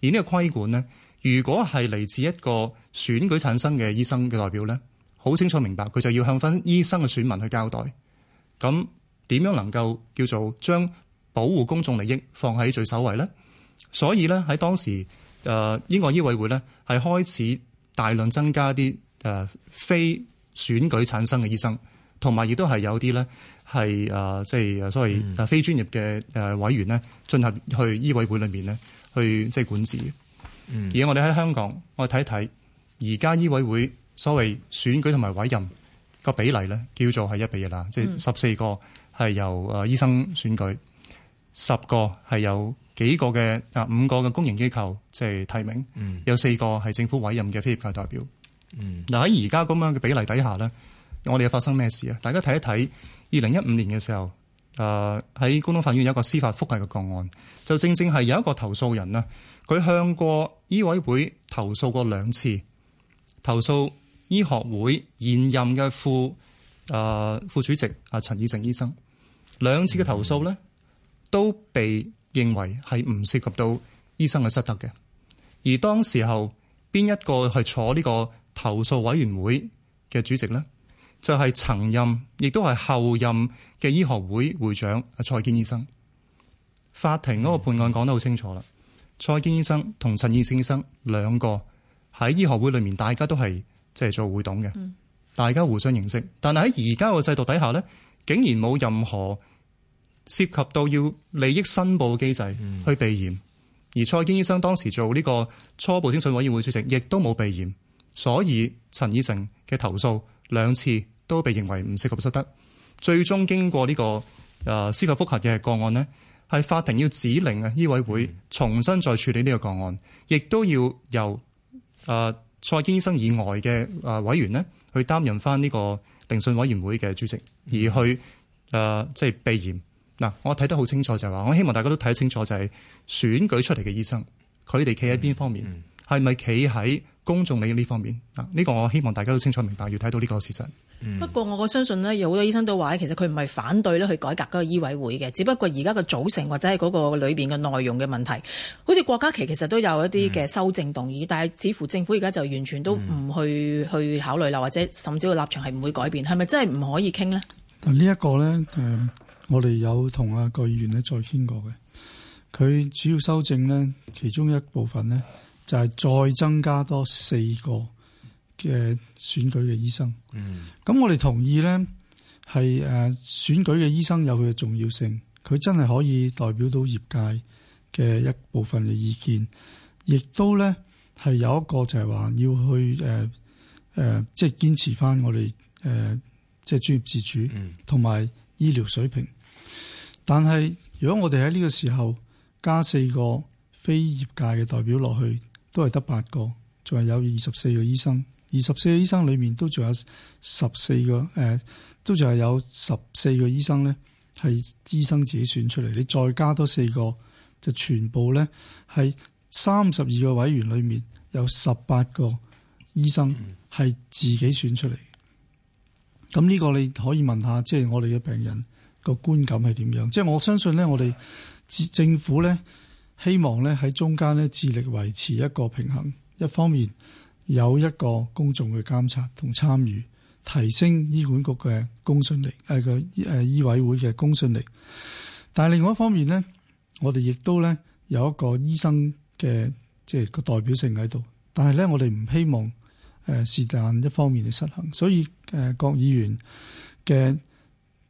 個呢個規管咧，如果係嚟自一個選舉產生嘅醫生嘅代表咧，好清楚明白，佢就要向翻醫生嘅選民去交代。咁點樣能夠叫做將保護公眾利益放喺最首位咧？所以咧喺當時誒、呃，英國醫委會咧係開始。大量增加啲誒、呃、非選舉產生嘅醫生，同埋亦都係有啲咧係誒即係誒所謂誒非專業嘅誒委員咧，進入去醫委會裏面咧，去即係管治。嗯，而我哋喺香港，我哋睇一睇而家醫委會所謂選舉同埋委任個比例咧，叫做係一比一啦，嗯、即係十四個係由誒、呃、醫生選舉，十個係有。幾個嘅啊，五個嘅公營機構即係提名，嗯、有四個係政府委任嘅非業界代表。嗱喺而家咁樣嘅比例底下咧，我哋又發生咩事啊？大家睇一睇二零一五年嘅時候，誒、呃、喺高等法院有一個司法覆核嘅個案，就正正係有一個投訴人咧，佢向過醫委會投訴過兩次，投訴醫學會現任嘅副誒、呃、副主席啊、呃、陳以誠醫生兩次嘅投訴咧都被、嗯。嗯認為係唔涉及到醫生嘅失德嘅，而當時候邊一個係坐呢個投訴委員會嘅主席呢？就係、是、曾任亦都係後任嘅醫學會會長蔡堅醫生。法庭嗰個判案講得好清楚啦，嗯、蔡堅醫生同陳燕先生兩個喺醫學會裏面，大家都係即係做會董嘅，嗯、大家互相認識。但係喺而家嘅制度底下呢，竟然冇任何。涉及到要利益申報機制去避嫌，而蔡堅醫生當時做呢個初步偵訊委員會主席，亦都冇避嫌，所以陳以誠嘅投訴兩次都被認為唔涉及失德。最終經過呢個誒司法複核嘅個案呢，係法庭要指令啊醫委會重新再處理呢個個案，亦都要由誒蔡堅醫生以外嘅誒委員呢去擔任翻呢個聆訊委員會嘅主席，而去誒即係避嫌。嗱，我睇得好清楚就係話，我希望大家都睇得清楚就係選舉出嚟嘅醫生，佢哋企喺邊方面，係咪企喺公眾利益呢方面？啊，呢個我希望大家都清楚明白，要睇到呢個事實。嗯、不過，我相信呢，有好多醫生都話其實佢唔係反對呢去改革嗰個醫委會嘅，只不過而家嘅組成或者係嗰個裏邊嘅內容嘅問題，好似郭家麒其實都有一啲嘅修正動議，嗯、但係似乎政府而家就完全都唔去、嗯、去考慮啦，或者甚至個立場係唔會改變，係咪真係唔可以傾呢？呢一個呢。嗯我哋有同阿郭議員咧再簽過嘅，佢主要修正咧，其中一部分咧就係再增加多四個嘅選舉嘅醫生。嗯，咁我哋同意咧，係誒選舉嘅醫生有佢嘅重要性，佢真係可以代表到業界嘅一部分嘅意見，亦都咧係有一個就係話要去誒誒，即係堅持翻我哋誒即係專業自主，同埋醫療水平。嗯但係，如果我哋喺呢個時候加四個非業界嘅代表落去，都係得八個，仲係有二十四個醫生。二十四個醫生裏面都仲有十四個，誒、呃，都仲係有十四個醫生呢係醫生自己選出嚟。你再加多四個，就全部呢係三十二個委員裏面有十八個醫生係自己選出嚟。咁呢個你可以問下，即係我哋嘅病人。個觀感係點樣？即係我相信咧，我哋政府咧希望咧喺中間咧致力維持一個平衡。一方面有一個公眾嘅監察同參與，提升醫管局嘅公信力，誒個誒醫委會嘅公信力。但係另外一方面咧，我哋亦都咧有一個醫生嘅即係個代表性喺度。但係咧，我哋唔希望誒是但一方面嘅失衡。所以誒，各議員嘅。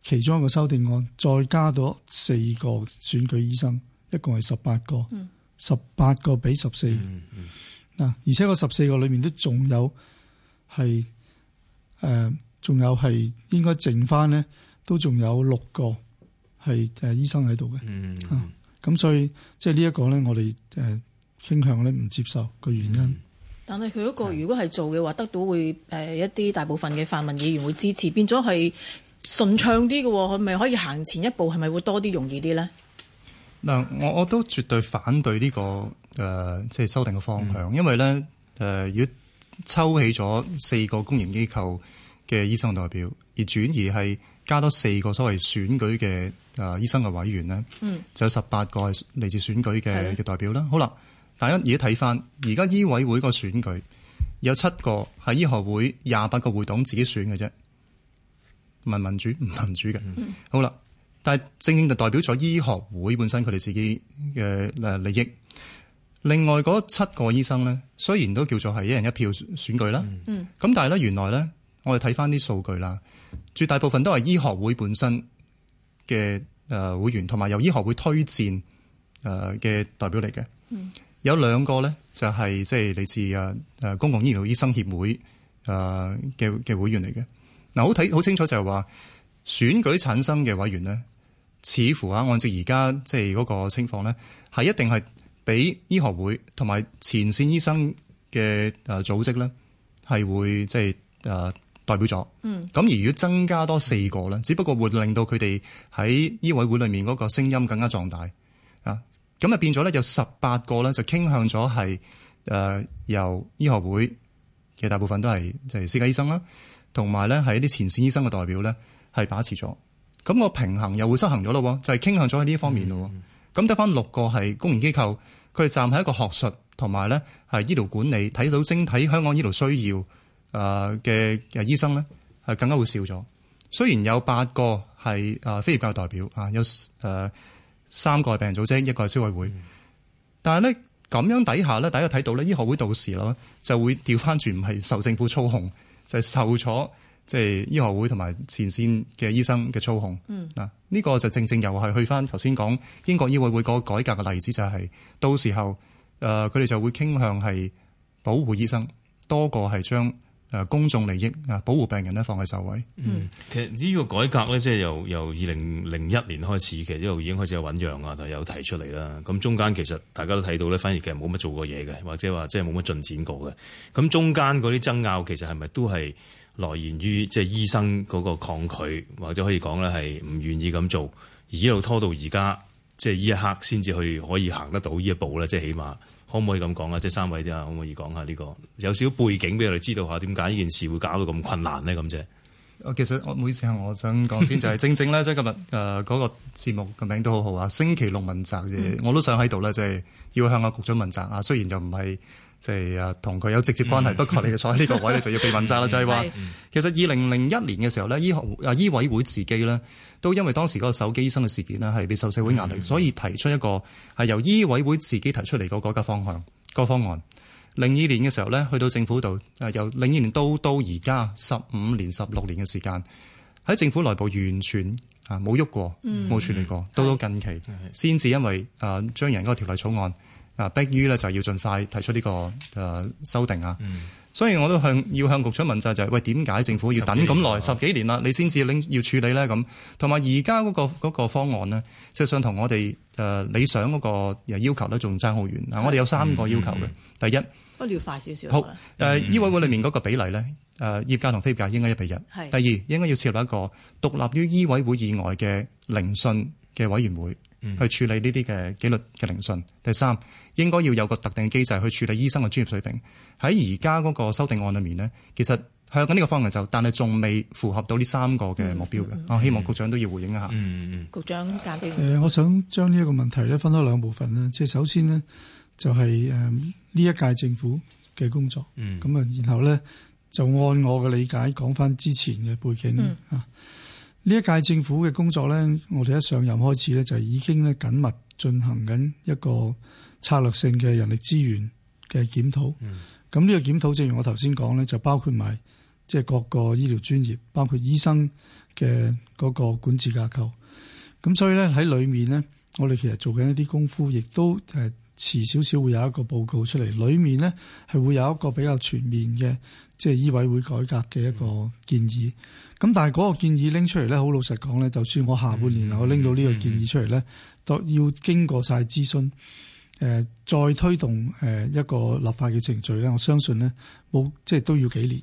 其中一個修訂案，再加咗四個選舉醫生，一共係十八個，十八、嗯、個比十四、嗯。嗱、嗯，而且個十四個裏面都仲有係誒，仲、呃、有係應該剩翻呢，都仲有六個係誒、呃、醫生喺度嘅。嚇、嗯，咁、嗯啊、所以即係呢一個咧，我哋誒傾向咧唔接受嘅原因。嗯嗯、但係佢嗰個如果係做嘅話，嗯、得到會誒一啲大部分嘅泛民議員會支持，變咗係。順暢啲嘅，係咪可以行前一步？係咪會多啲容易啲咧？嗱，我我都絕對反對呢、這個誒、呃，即係修訂嘅方向，嗯、因為咧誒、呃，如果抽起咗四個公營機構嘅醫生代表，而轉移係加多四個所謂選舉嘅誒、呃、醫生嘅委員咧，嗯，就有十八個係嚟自選舉嘅嘅的代表啦。好啦，大家而家睇翻而家醫委會個選舉有七個係醫學會廿八個會董自己選嘅啫。唔係民主，唔民主嘅。嗯、好啦，但係正正就代表咗醫學會本身佢哋自己嘅誒利益。另外嗰七個醫生咧，雖然都叫做係一人一票選舉啦，咁、嗯、但係咧原來咧，我哋睇翻啲數據啦，絕大部分都係醫學會本身嘅誒、呃、會員，同埋由醫學會推薦誒嘅代表嚟嘅。嗯、有兩個咧就係即係嚟自誒誒公共醫療醫生協會誒嘅嘅會員嚟嘅。嗱，好睇好清楚就係話選舉產生嘅委員咧，似乎啊，按照而家即係嗰個情況咧，係一定係俾醫學會同埋前線醫生嘅誒組織咧，係會即係誒代表咗。嗯，咁而如果增加多四個咧，只不過會令到佢哋喺醫委會裏面嗰個聲音更加壯大啊。咁啊，變咗咧有十八個咧，就傾向咗係誒由醫學會嘅大部分都係即係私家醫生啦。同埋咧，係一啲前線醫生嘅代表咧，係把持咗咁個平衡，又會失衡咗咯。就係傾向咗喺呢一方面咯。咁得返六個係公營機構，佢哋站喺一個學術同埋咧係醫療管理，睇到整體香港醫療需要啊嘅嘅醫生咧，係更加會少咗。雖然有八個係啊非業界代表啊，有誒三個係病人組織，一個係消委會，但係咧咁樣底下咧，大家睇到咧，醫學會到時啦，就會調返轉，唔係受政府操控。就受咗即係醫學會同埋前線嘅醫生嘅操控嗱，呢、嗯、個就正正又係去翻頭先講英國醫學會個改革嘅例子，就係、是、到時候誒佢哋就會傾向係保護醫生多過係將。誒公眾利益啊，保護病人咧，放喺首位。嗯，其實呢個改革咧，即係由由二零零一年開始，其實一路已經開始有醖釀啊，同埋有提出嚟啦。咁中間其實大家都睇到咧，反而其實冇乜做過嘢嘅，或者話即係冇乜進展過嘅。咁中間嗰啲爭拗其實係咪都係來源於即係醫生嗰個抗拒，或者可以講咧係唔願意咁做，而一路拖到而家，即係呢一刻先至去可以行得到呢一步咧，即係起碼。可唔可以咁講啊？即係三位啲啊，可唔可以講下呢個有少少背景俾我哋知道下，點解呢件事會搞到咁困難咧？咁啫。啊，其實我唔好意思啊，我想講先就係正正咧，即係今日誒嗰個節目嘅名都好好啊，《星期六問責》嘅，我都想喺度咧，即係要向阿局長問責啊。雖然又唔係。即係啊，同佢、就係、有直接關係。不過你係坐喺呢個位，你就要被問責啦。 (laughs) 就係話， (laughs) 其實二零零一年嘅時候咧，醫學啊醫委會自己咧，都因為當時嗰手機醫生嘅事件咧，係受社會壓力，所以提出一個係由醫委會自己提出嚟個改革方向、嗰個方案。零二年嘅時候咧，去到政府度，由零二年到到而家十五年十六年嘅時間，喺政府內部完全啊冇喐過，冇處理過，到到近期先至因為啊將人嗰個條例草案。啊，迫於咧就係要盡快提出呢個誒修訂啊，所以我都向要向局長問責就係，喂點解政府要等咁耐十幾年啦，你先至拎要處理咧咁？同埋而家嗰個方案呢，即係實際上同我哋誒理想嗰個要求咧，仲爭好遠啊！我哋有三個要求嘅，第一，不要快少少。好，誒醫委會裏面嗰個比例咧，誒業界同非業界應該一比一。係。第二應該要設立一個獨立於醫委會以外嘅聆訊嘅委員會。嗯、去處理呢啲嘅紀律嘅聆訊。第三應該要有個特定機制去處理醫生嘅專業水平。喺而家嗰個修訂案裏面呢，其實向緊呢個方向就，但係仲未符合到呢三個嘅目標嘅。啊、嗯，嗯嗯、我希望局長都要回應一下。嗯嗯嗯。局、嗯、長，簡、嗯、介、呃。我想將呢一個問題咧分開兩部分啦。即係首先呢，就係誒呢一屆政府嘅工作。咁啊、嗯，然後咧就按我嘅理解講返之前嘅背景啊。嗯呢一屆政府嘅工作咧，我哋一上任開始咧，就已經咧緊密進行緊一個策略性嘅人力資源嘅檢討。嗯，咁呢個檢討，正如我頭先講咧，就包括埋即係各個醫療專業，包括醫生嘅嗰個管治架構。咁所以咧喺裏面咧，我哋其實做緊一啲功夫，亦都誒。遲少少會有一個報告出嚟，裡面呢係會有一個比較全面嘅，即係醫委會改革嘅一個建議。咁、嗯、但係嗰個建議拎出嚟咧，好老實講咧，就算我下半年我拎到呢個建議出嚟咧，嗯嗯、都要經過晒諮詢，誒、呃、再推動誒一個立法嘅程序咧，我相信咧冇即係都要幾年嘅。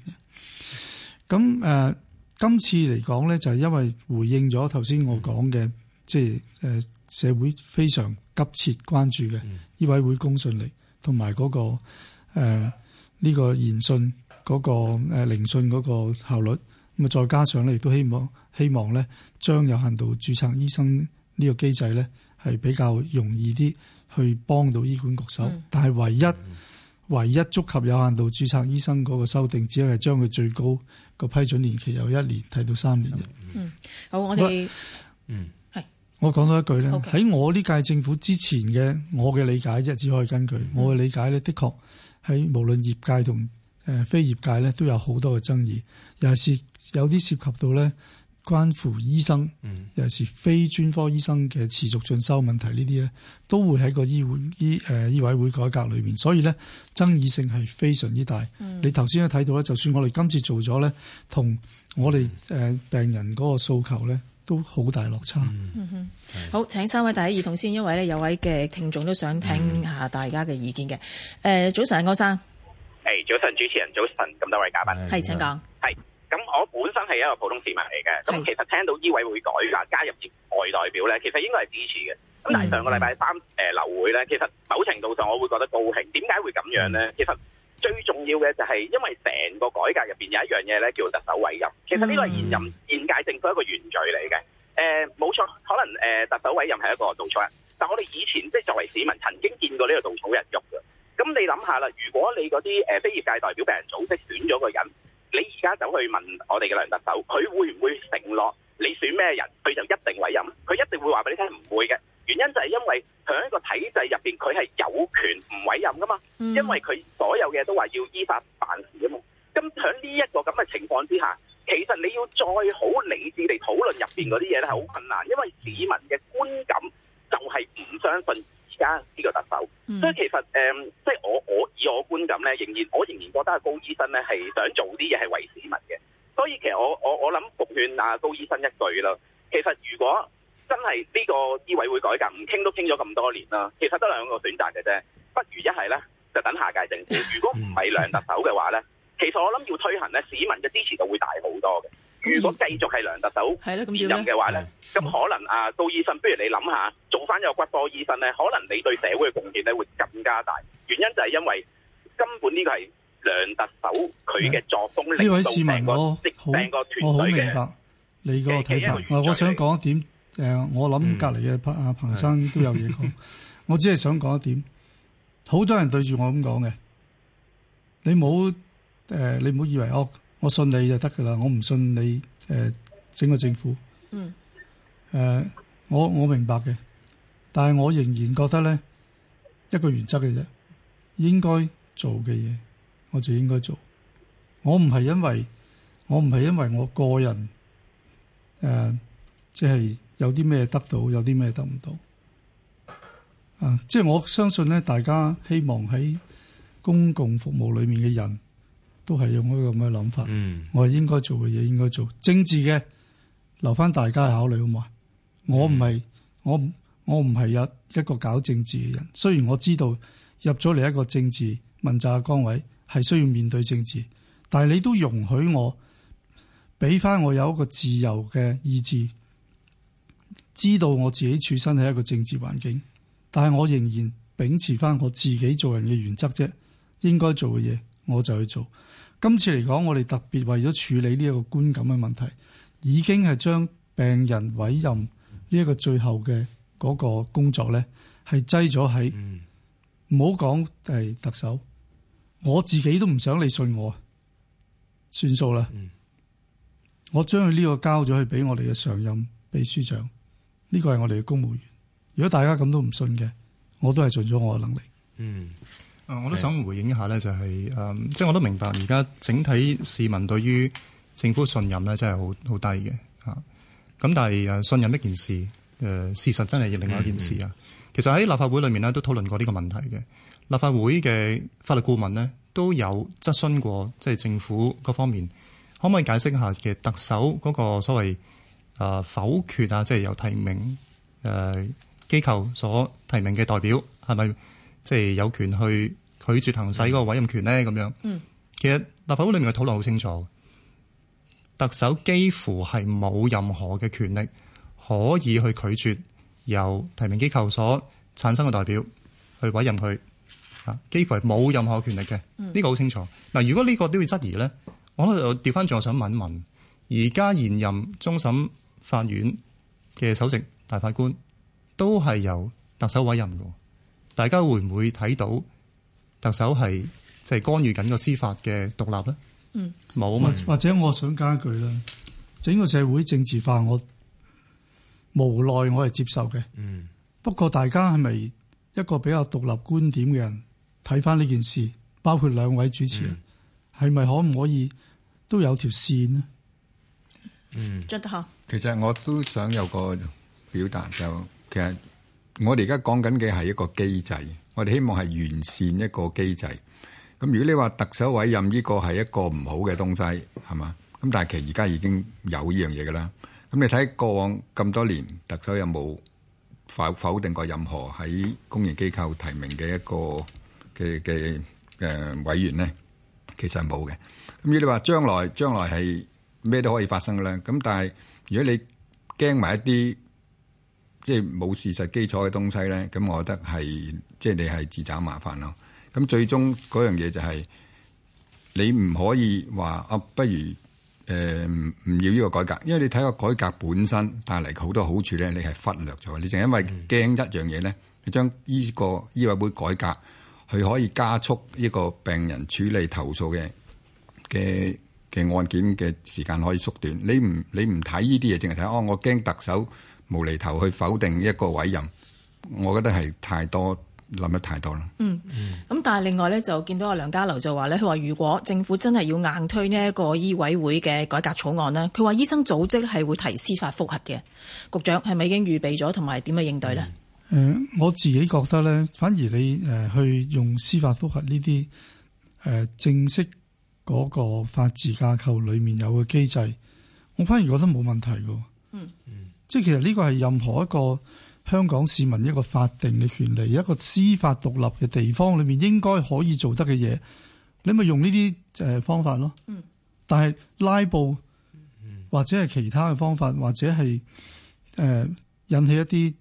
咁、嗯、誒、呃、今次嚟講咧，就係、是、因為回應咗頭先我講嘅，即係誒、呃、社會非常，急切關注嘅醫委會公信力，同埋嗰個誒呢、呃這個言訊嗰、那個誒、呃、聆訊嗰個效率，咁啊再加上咧亦都希望希望咧將有限度註冊醫生個機呢個機制咧係比較容易啲去幫到醫管局手，嗯、但係唯一、嗯、唯一觸及有限度註冊醫生嗰個修訂，只係將佢最高個批准年期由一年提到三年。嗯，嗯好，我哋嗯。我講多一句咧，喺 Okay. 我呢屆政府之前嘅我嘅理解啫，只可以根據、嗯、我嘅理解咧，的確喺無論業界同誒非業界咧，都有好多嘅爭議，尤其是有啲涉及到咧關乎醫生，嗯、尤其是非專科醫生嘅持續進修問題呢啲咧，都會喺個醫會醫誒醫委會改革裏面，所以咧爭議性係非常之大。嗯、你頭先都睇到咧，就算我哋今次做咗咧，同我哋誒病人嗰個訴求咧。都好大落差。嗯哼，的好，請三位第一耳同先，因為咧有位嘅聽眾都想聽下大家嘅意見嘅。誒、嗯呃，早晨，高生。係，hey, 早晨，主持人，早晨，咁多位嘉賓。係，請講。係的，咁我本身係一個普通市民嚟嘅。咁的其實聽到醫委會改革加入業外代表咧，其實應該係支持嘅。咁、嗯、但係上個禮拜三誒流、呃、會咧，其實某程度上我會覺得高興。點解會咁樣咧？其實。最重要嘅就係，因為成個改革入邊有一樣嘢咧叫特首委任，其實呢個係現任現屆政府一個原罪嚟嘅。誒、呃，冇錯，可能誒、呃、特首委任係一個稻草人，但我哋以前即係作為市民曾經見過呢個稻草人喐嘅。咁你諗下啦，如果你嗰啲誒非業界代表病人組織選咗個人，你而家走去問我哋嘅梁特首，佢會唔會承諾你選咩人，佢就一定委任？佢一定會話俾你聽唔會嘅。原因就係因為喺一個體制入邊，佢係有權唔委任噶嘛，mm. 因為佢所有嘢都話要依法辦事啊嘛。咁喺呢一個咁嘅情況之下，其實你要再好理智地討論入邊嗰啲嘢咧，係好困難，因為市民嘅觀感就係唔相信而家呢個特首。Mm. 所以其實誒、呃，即係我我以我觀感咧，仍然我仍然覺得阿高醫生咧係想做啲嘢係為市民嘅。所以其實我我我諗奉勸阿高醫生一句啦，其實如果真係呢個醫委會改革，唔傾都傾咗咁多年啦。其實得兩個選擇嘅啫，不如一係呢，就等下屆政府。如果唔係梁特首嘅話呢，其實我諗要推行呢，市民嘅支持度會大好多嘅。如果繼續係梁特首任嘅話呢，咁、嗯嗯、可能啊，高醫生，不如你諗下，做翻個骨科醫生呢，可能你對社會嘅貢獻呢會更加大。原因就係因為根本呢個係梁特首佢嘅作風。呢位市民我好，我好明白你嗰個睇法。我我想講點？誒、呃，我諗隔籬嘅彭阿彭生都有嘢講， (laughs) 我只係想講一點，好多人對住我咁講嘅，你冇誒、呃，你唔好以為我、哦、我信你就得噶啦，我唔信你誒、呃、整個政府，嗯，誒，我我明白嘅，但係我仍然覺得咧一個原則嘅啫，應該做嘅嘢，我就應該做，我唔係因為，我唔係因為我個人誒即係。呃就是有啲咩得到，有啲咩得唔到？啊，即係我相信咧，大家希望喺公共服務裏面嘅人都係用一個咁嘅諗法。嗯、我係應該做嘅嘢應該做，政治嘅留翻大家考慮好嘛？我唔係、嗯、我我唔係有一個搞政治嘅人，雖然我知道入咗嚟一個政治問責嘅崗位係需要面對政治，但係你都容許我俾翻我有一個自由嘅意志。知道我自己處身喺一個政治環境，但係我仍然秉持翻我自己做人嘅原則啫。應該做嘅嘢，我就去做。今次嚟講，我哋特別為咗處理呢一個觀感嘅問題，已經係將病人委任呢一個最後嘅嗰個工作呢，係擠咗喺，唔好講特首，我自己都唔想你信我，算數啦。嗯、我將佢呢個交咗去俾我哋嘅常任秘書長。呢個係我哋嘅公務員。如果大家咁都唔信嘅，我都係盡咗我嘅能力。嗯，啊、嗯，我都想回應一下咧、就係，是的 就係、是，嗯，即、就、係、是、我都明白而家整體市民對於政府信任咧，真係好好低嘅。嚇、啊，咁但係，信任一件事，誒、呃，事實真係另一件事啊。嗯、其實喺立法會裏面咧，都討論過呢個問題嘅。立法會嘅法律顧問咧，都有質詢過，即、就、係、是、政府各方面，可唔可以解釋下嘅特首嗰個所謂？啊！否決啊！即係由提名誒機構所提名嘅代表係咪即係有權去拒絕行使嗰個委任權咧？咁樣嗯，其實立法會裡面嘅討論好清楚，特首幾乎係冇任何嘅權力可以去拒絕由提名機構所產生嘅代表去委任佢啊，幾乎係冇任何權力嘅。呢、嗯、個好清楚嗱、啊。如果呢個都要質疑咧，我調翻轉，我想問一問而家現，現任終審法院嘅首席大法官都係由特首委任嘅，大家會唔會睇到特首係即係干預緊個司法嘅獨立呢？嗯，冇啊嘛。或者我想加一句啦，整個社會政治化，我無奈我係接受嘅。嗯，不過大家係咪一個比較獨立觀點嘅人睇翻呢件事？包括兩位主持人係咪，嗯，可唔可以都有條線呢？嗯，做得好。其實我都想有個表達，就其實我哋而家講緊嘅係一個機制，我哋希望係完善一個機制。咁如果你話特首委任呢個係一個唔好嘅東西，係嘛？咁但係其實而家已經有呢樣嘢噶啦。咁你睇過往咁多年特首有冇否否定過任何喺公營機構提名嘅一個嘅嘅誒委員呢？其實冇嘅。咁如果你話將來將來係，咩都可以發生嘅啦，咁但係如果你驚埋一啲即係冇事實基礎嘅東西咧，咁我覺得係即係你係自找麻煩咯。咁最終嗰樣嘢就係、係、你唔可以話啊，不如誒唔、呃、要呢個改革，因為你睇個改革本身帶嚟好多好處咧，你係忽略咗，你淨係因為驚一樣嘢咧，你將依、呢個醫委會改革佢可以加速呢個病人處理投訴嘅嘅。嘅案件嘅時間可以縮短，你唔你唔睇呢啲嘢，淨係睇哦，我驚特首無厘頭去否定呢一個委任，我覺得係太多諗得太多啦、嗯。嗯，咁、嗯、但係另外咧，就見到阿梁家騮就話咧，佢話如果政府真係要硬推呢一個醫委會嘅改革草案呢，佢話醫生組織咧係會提司法覆核嘅。局長係咪已經預備咗同埋點樣應對呢？誒、嗯呃，我自己覺得咧，反而你誒、呃、去用司法覆核呢啲誒正式。嗰個法治架構裏面有個機制，我反而覺得冇問題嘅。嗯嗯，即係其實呢個係任何一個香港市民一個法定嘅權利，一個司法獨立嘅地方裏面應該可以做得嘅嘢，你咪用呢啲誒方法咯。嗯，但係拉布或者係其他嘅方法，或者係誒、呃、引起一啲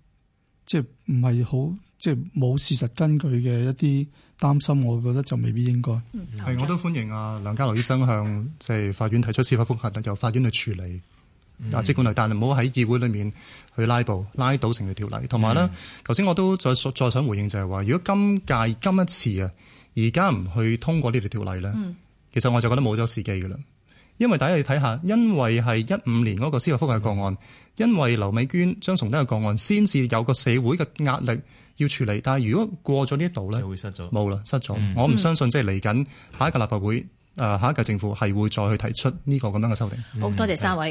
即係唔係好即係冇事實根據嘅一啲。擔心，我覺得就未必應該。係、嗯，我都歡迎啊，梁家騮醫生向即係法院提出司法覆核，由法院去處理啊，即管嚟，但係，唔好喺議會裏面去拉布、拉倒成條條例。同埋呢，頭先、嗯、我都再再想回應就係話，如果今屆今一次啊，而家唔去通過呢條條例呢，嗯、其實我就覺得冇咗時機噶啦。因為大家要睇下，因為係一五年嗰個司法覆核個案，嗯、因為劉美娟、張崇德嘅個案，先至有個社會嘅壓力。要處理，但係如果過咗呢一度咧，就會失咗，冇啦，失咗。嗯、我唔相信、嗯、即係嚟緊下一個立法會，誒、呃、下一個政府係會再去提出呢個咁樣嘅修訂。嗯、好，多謝三位。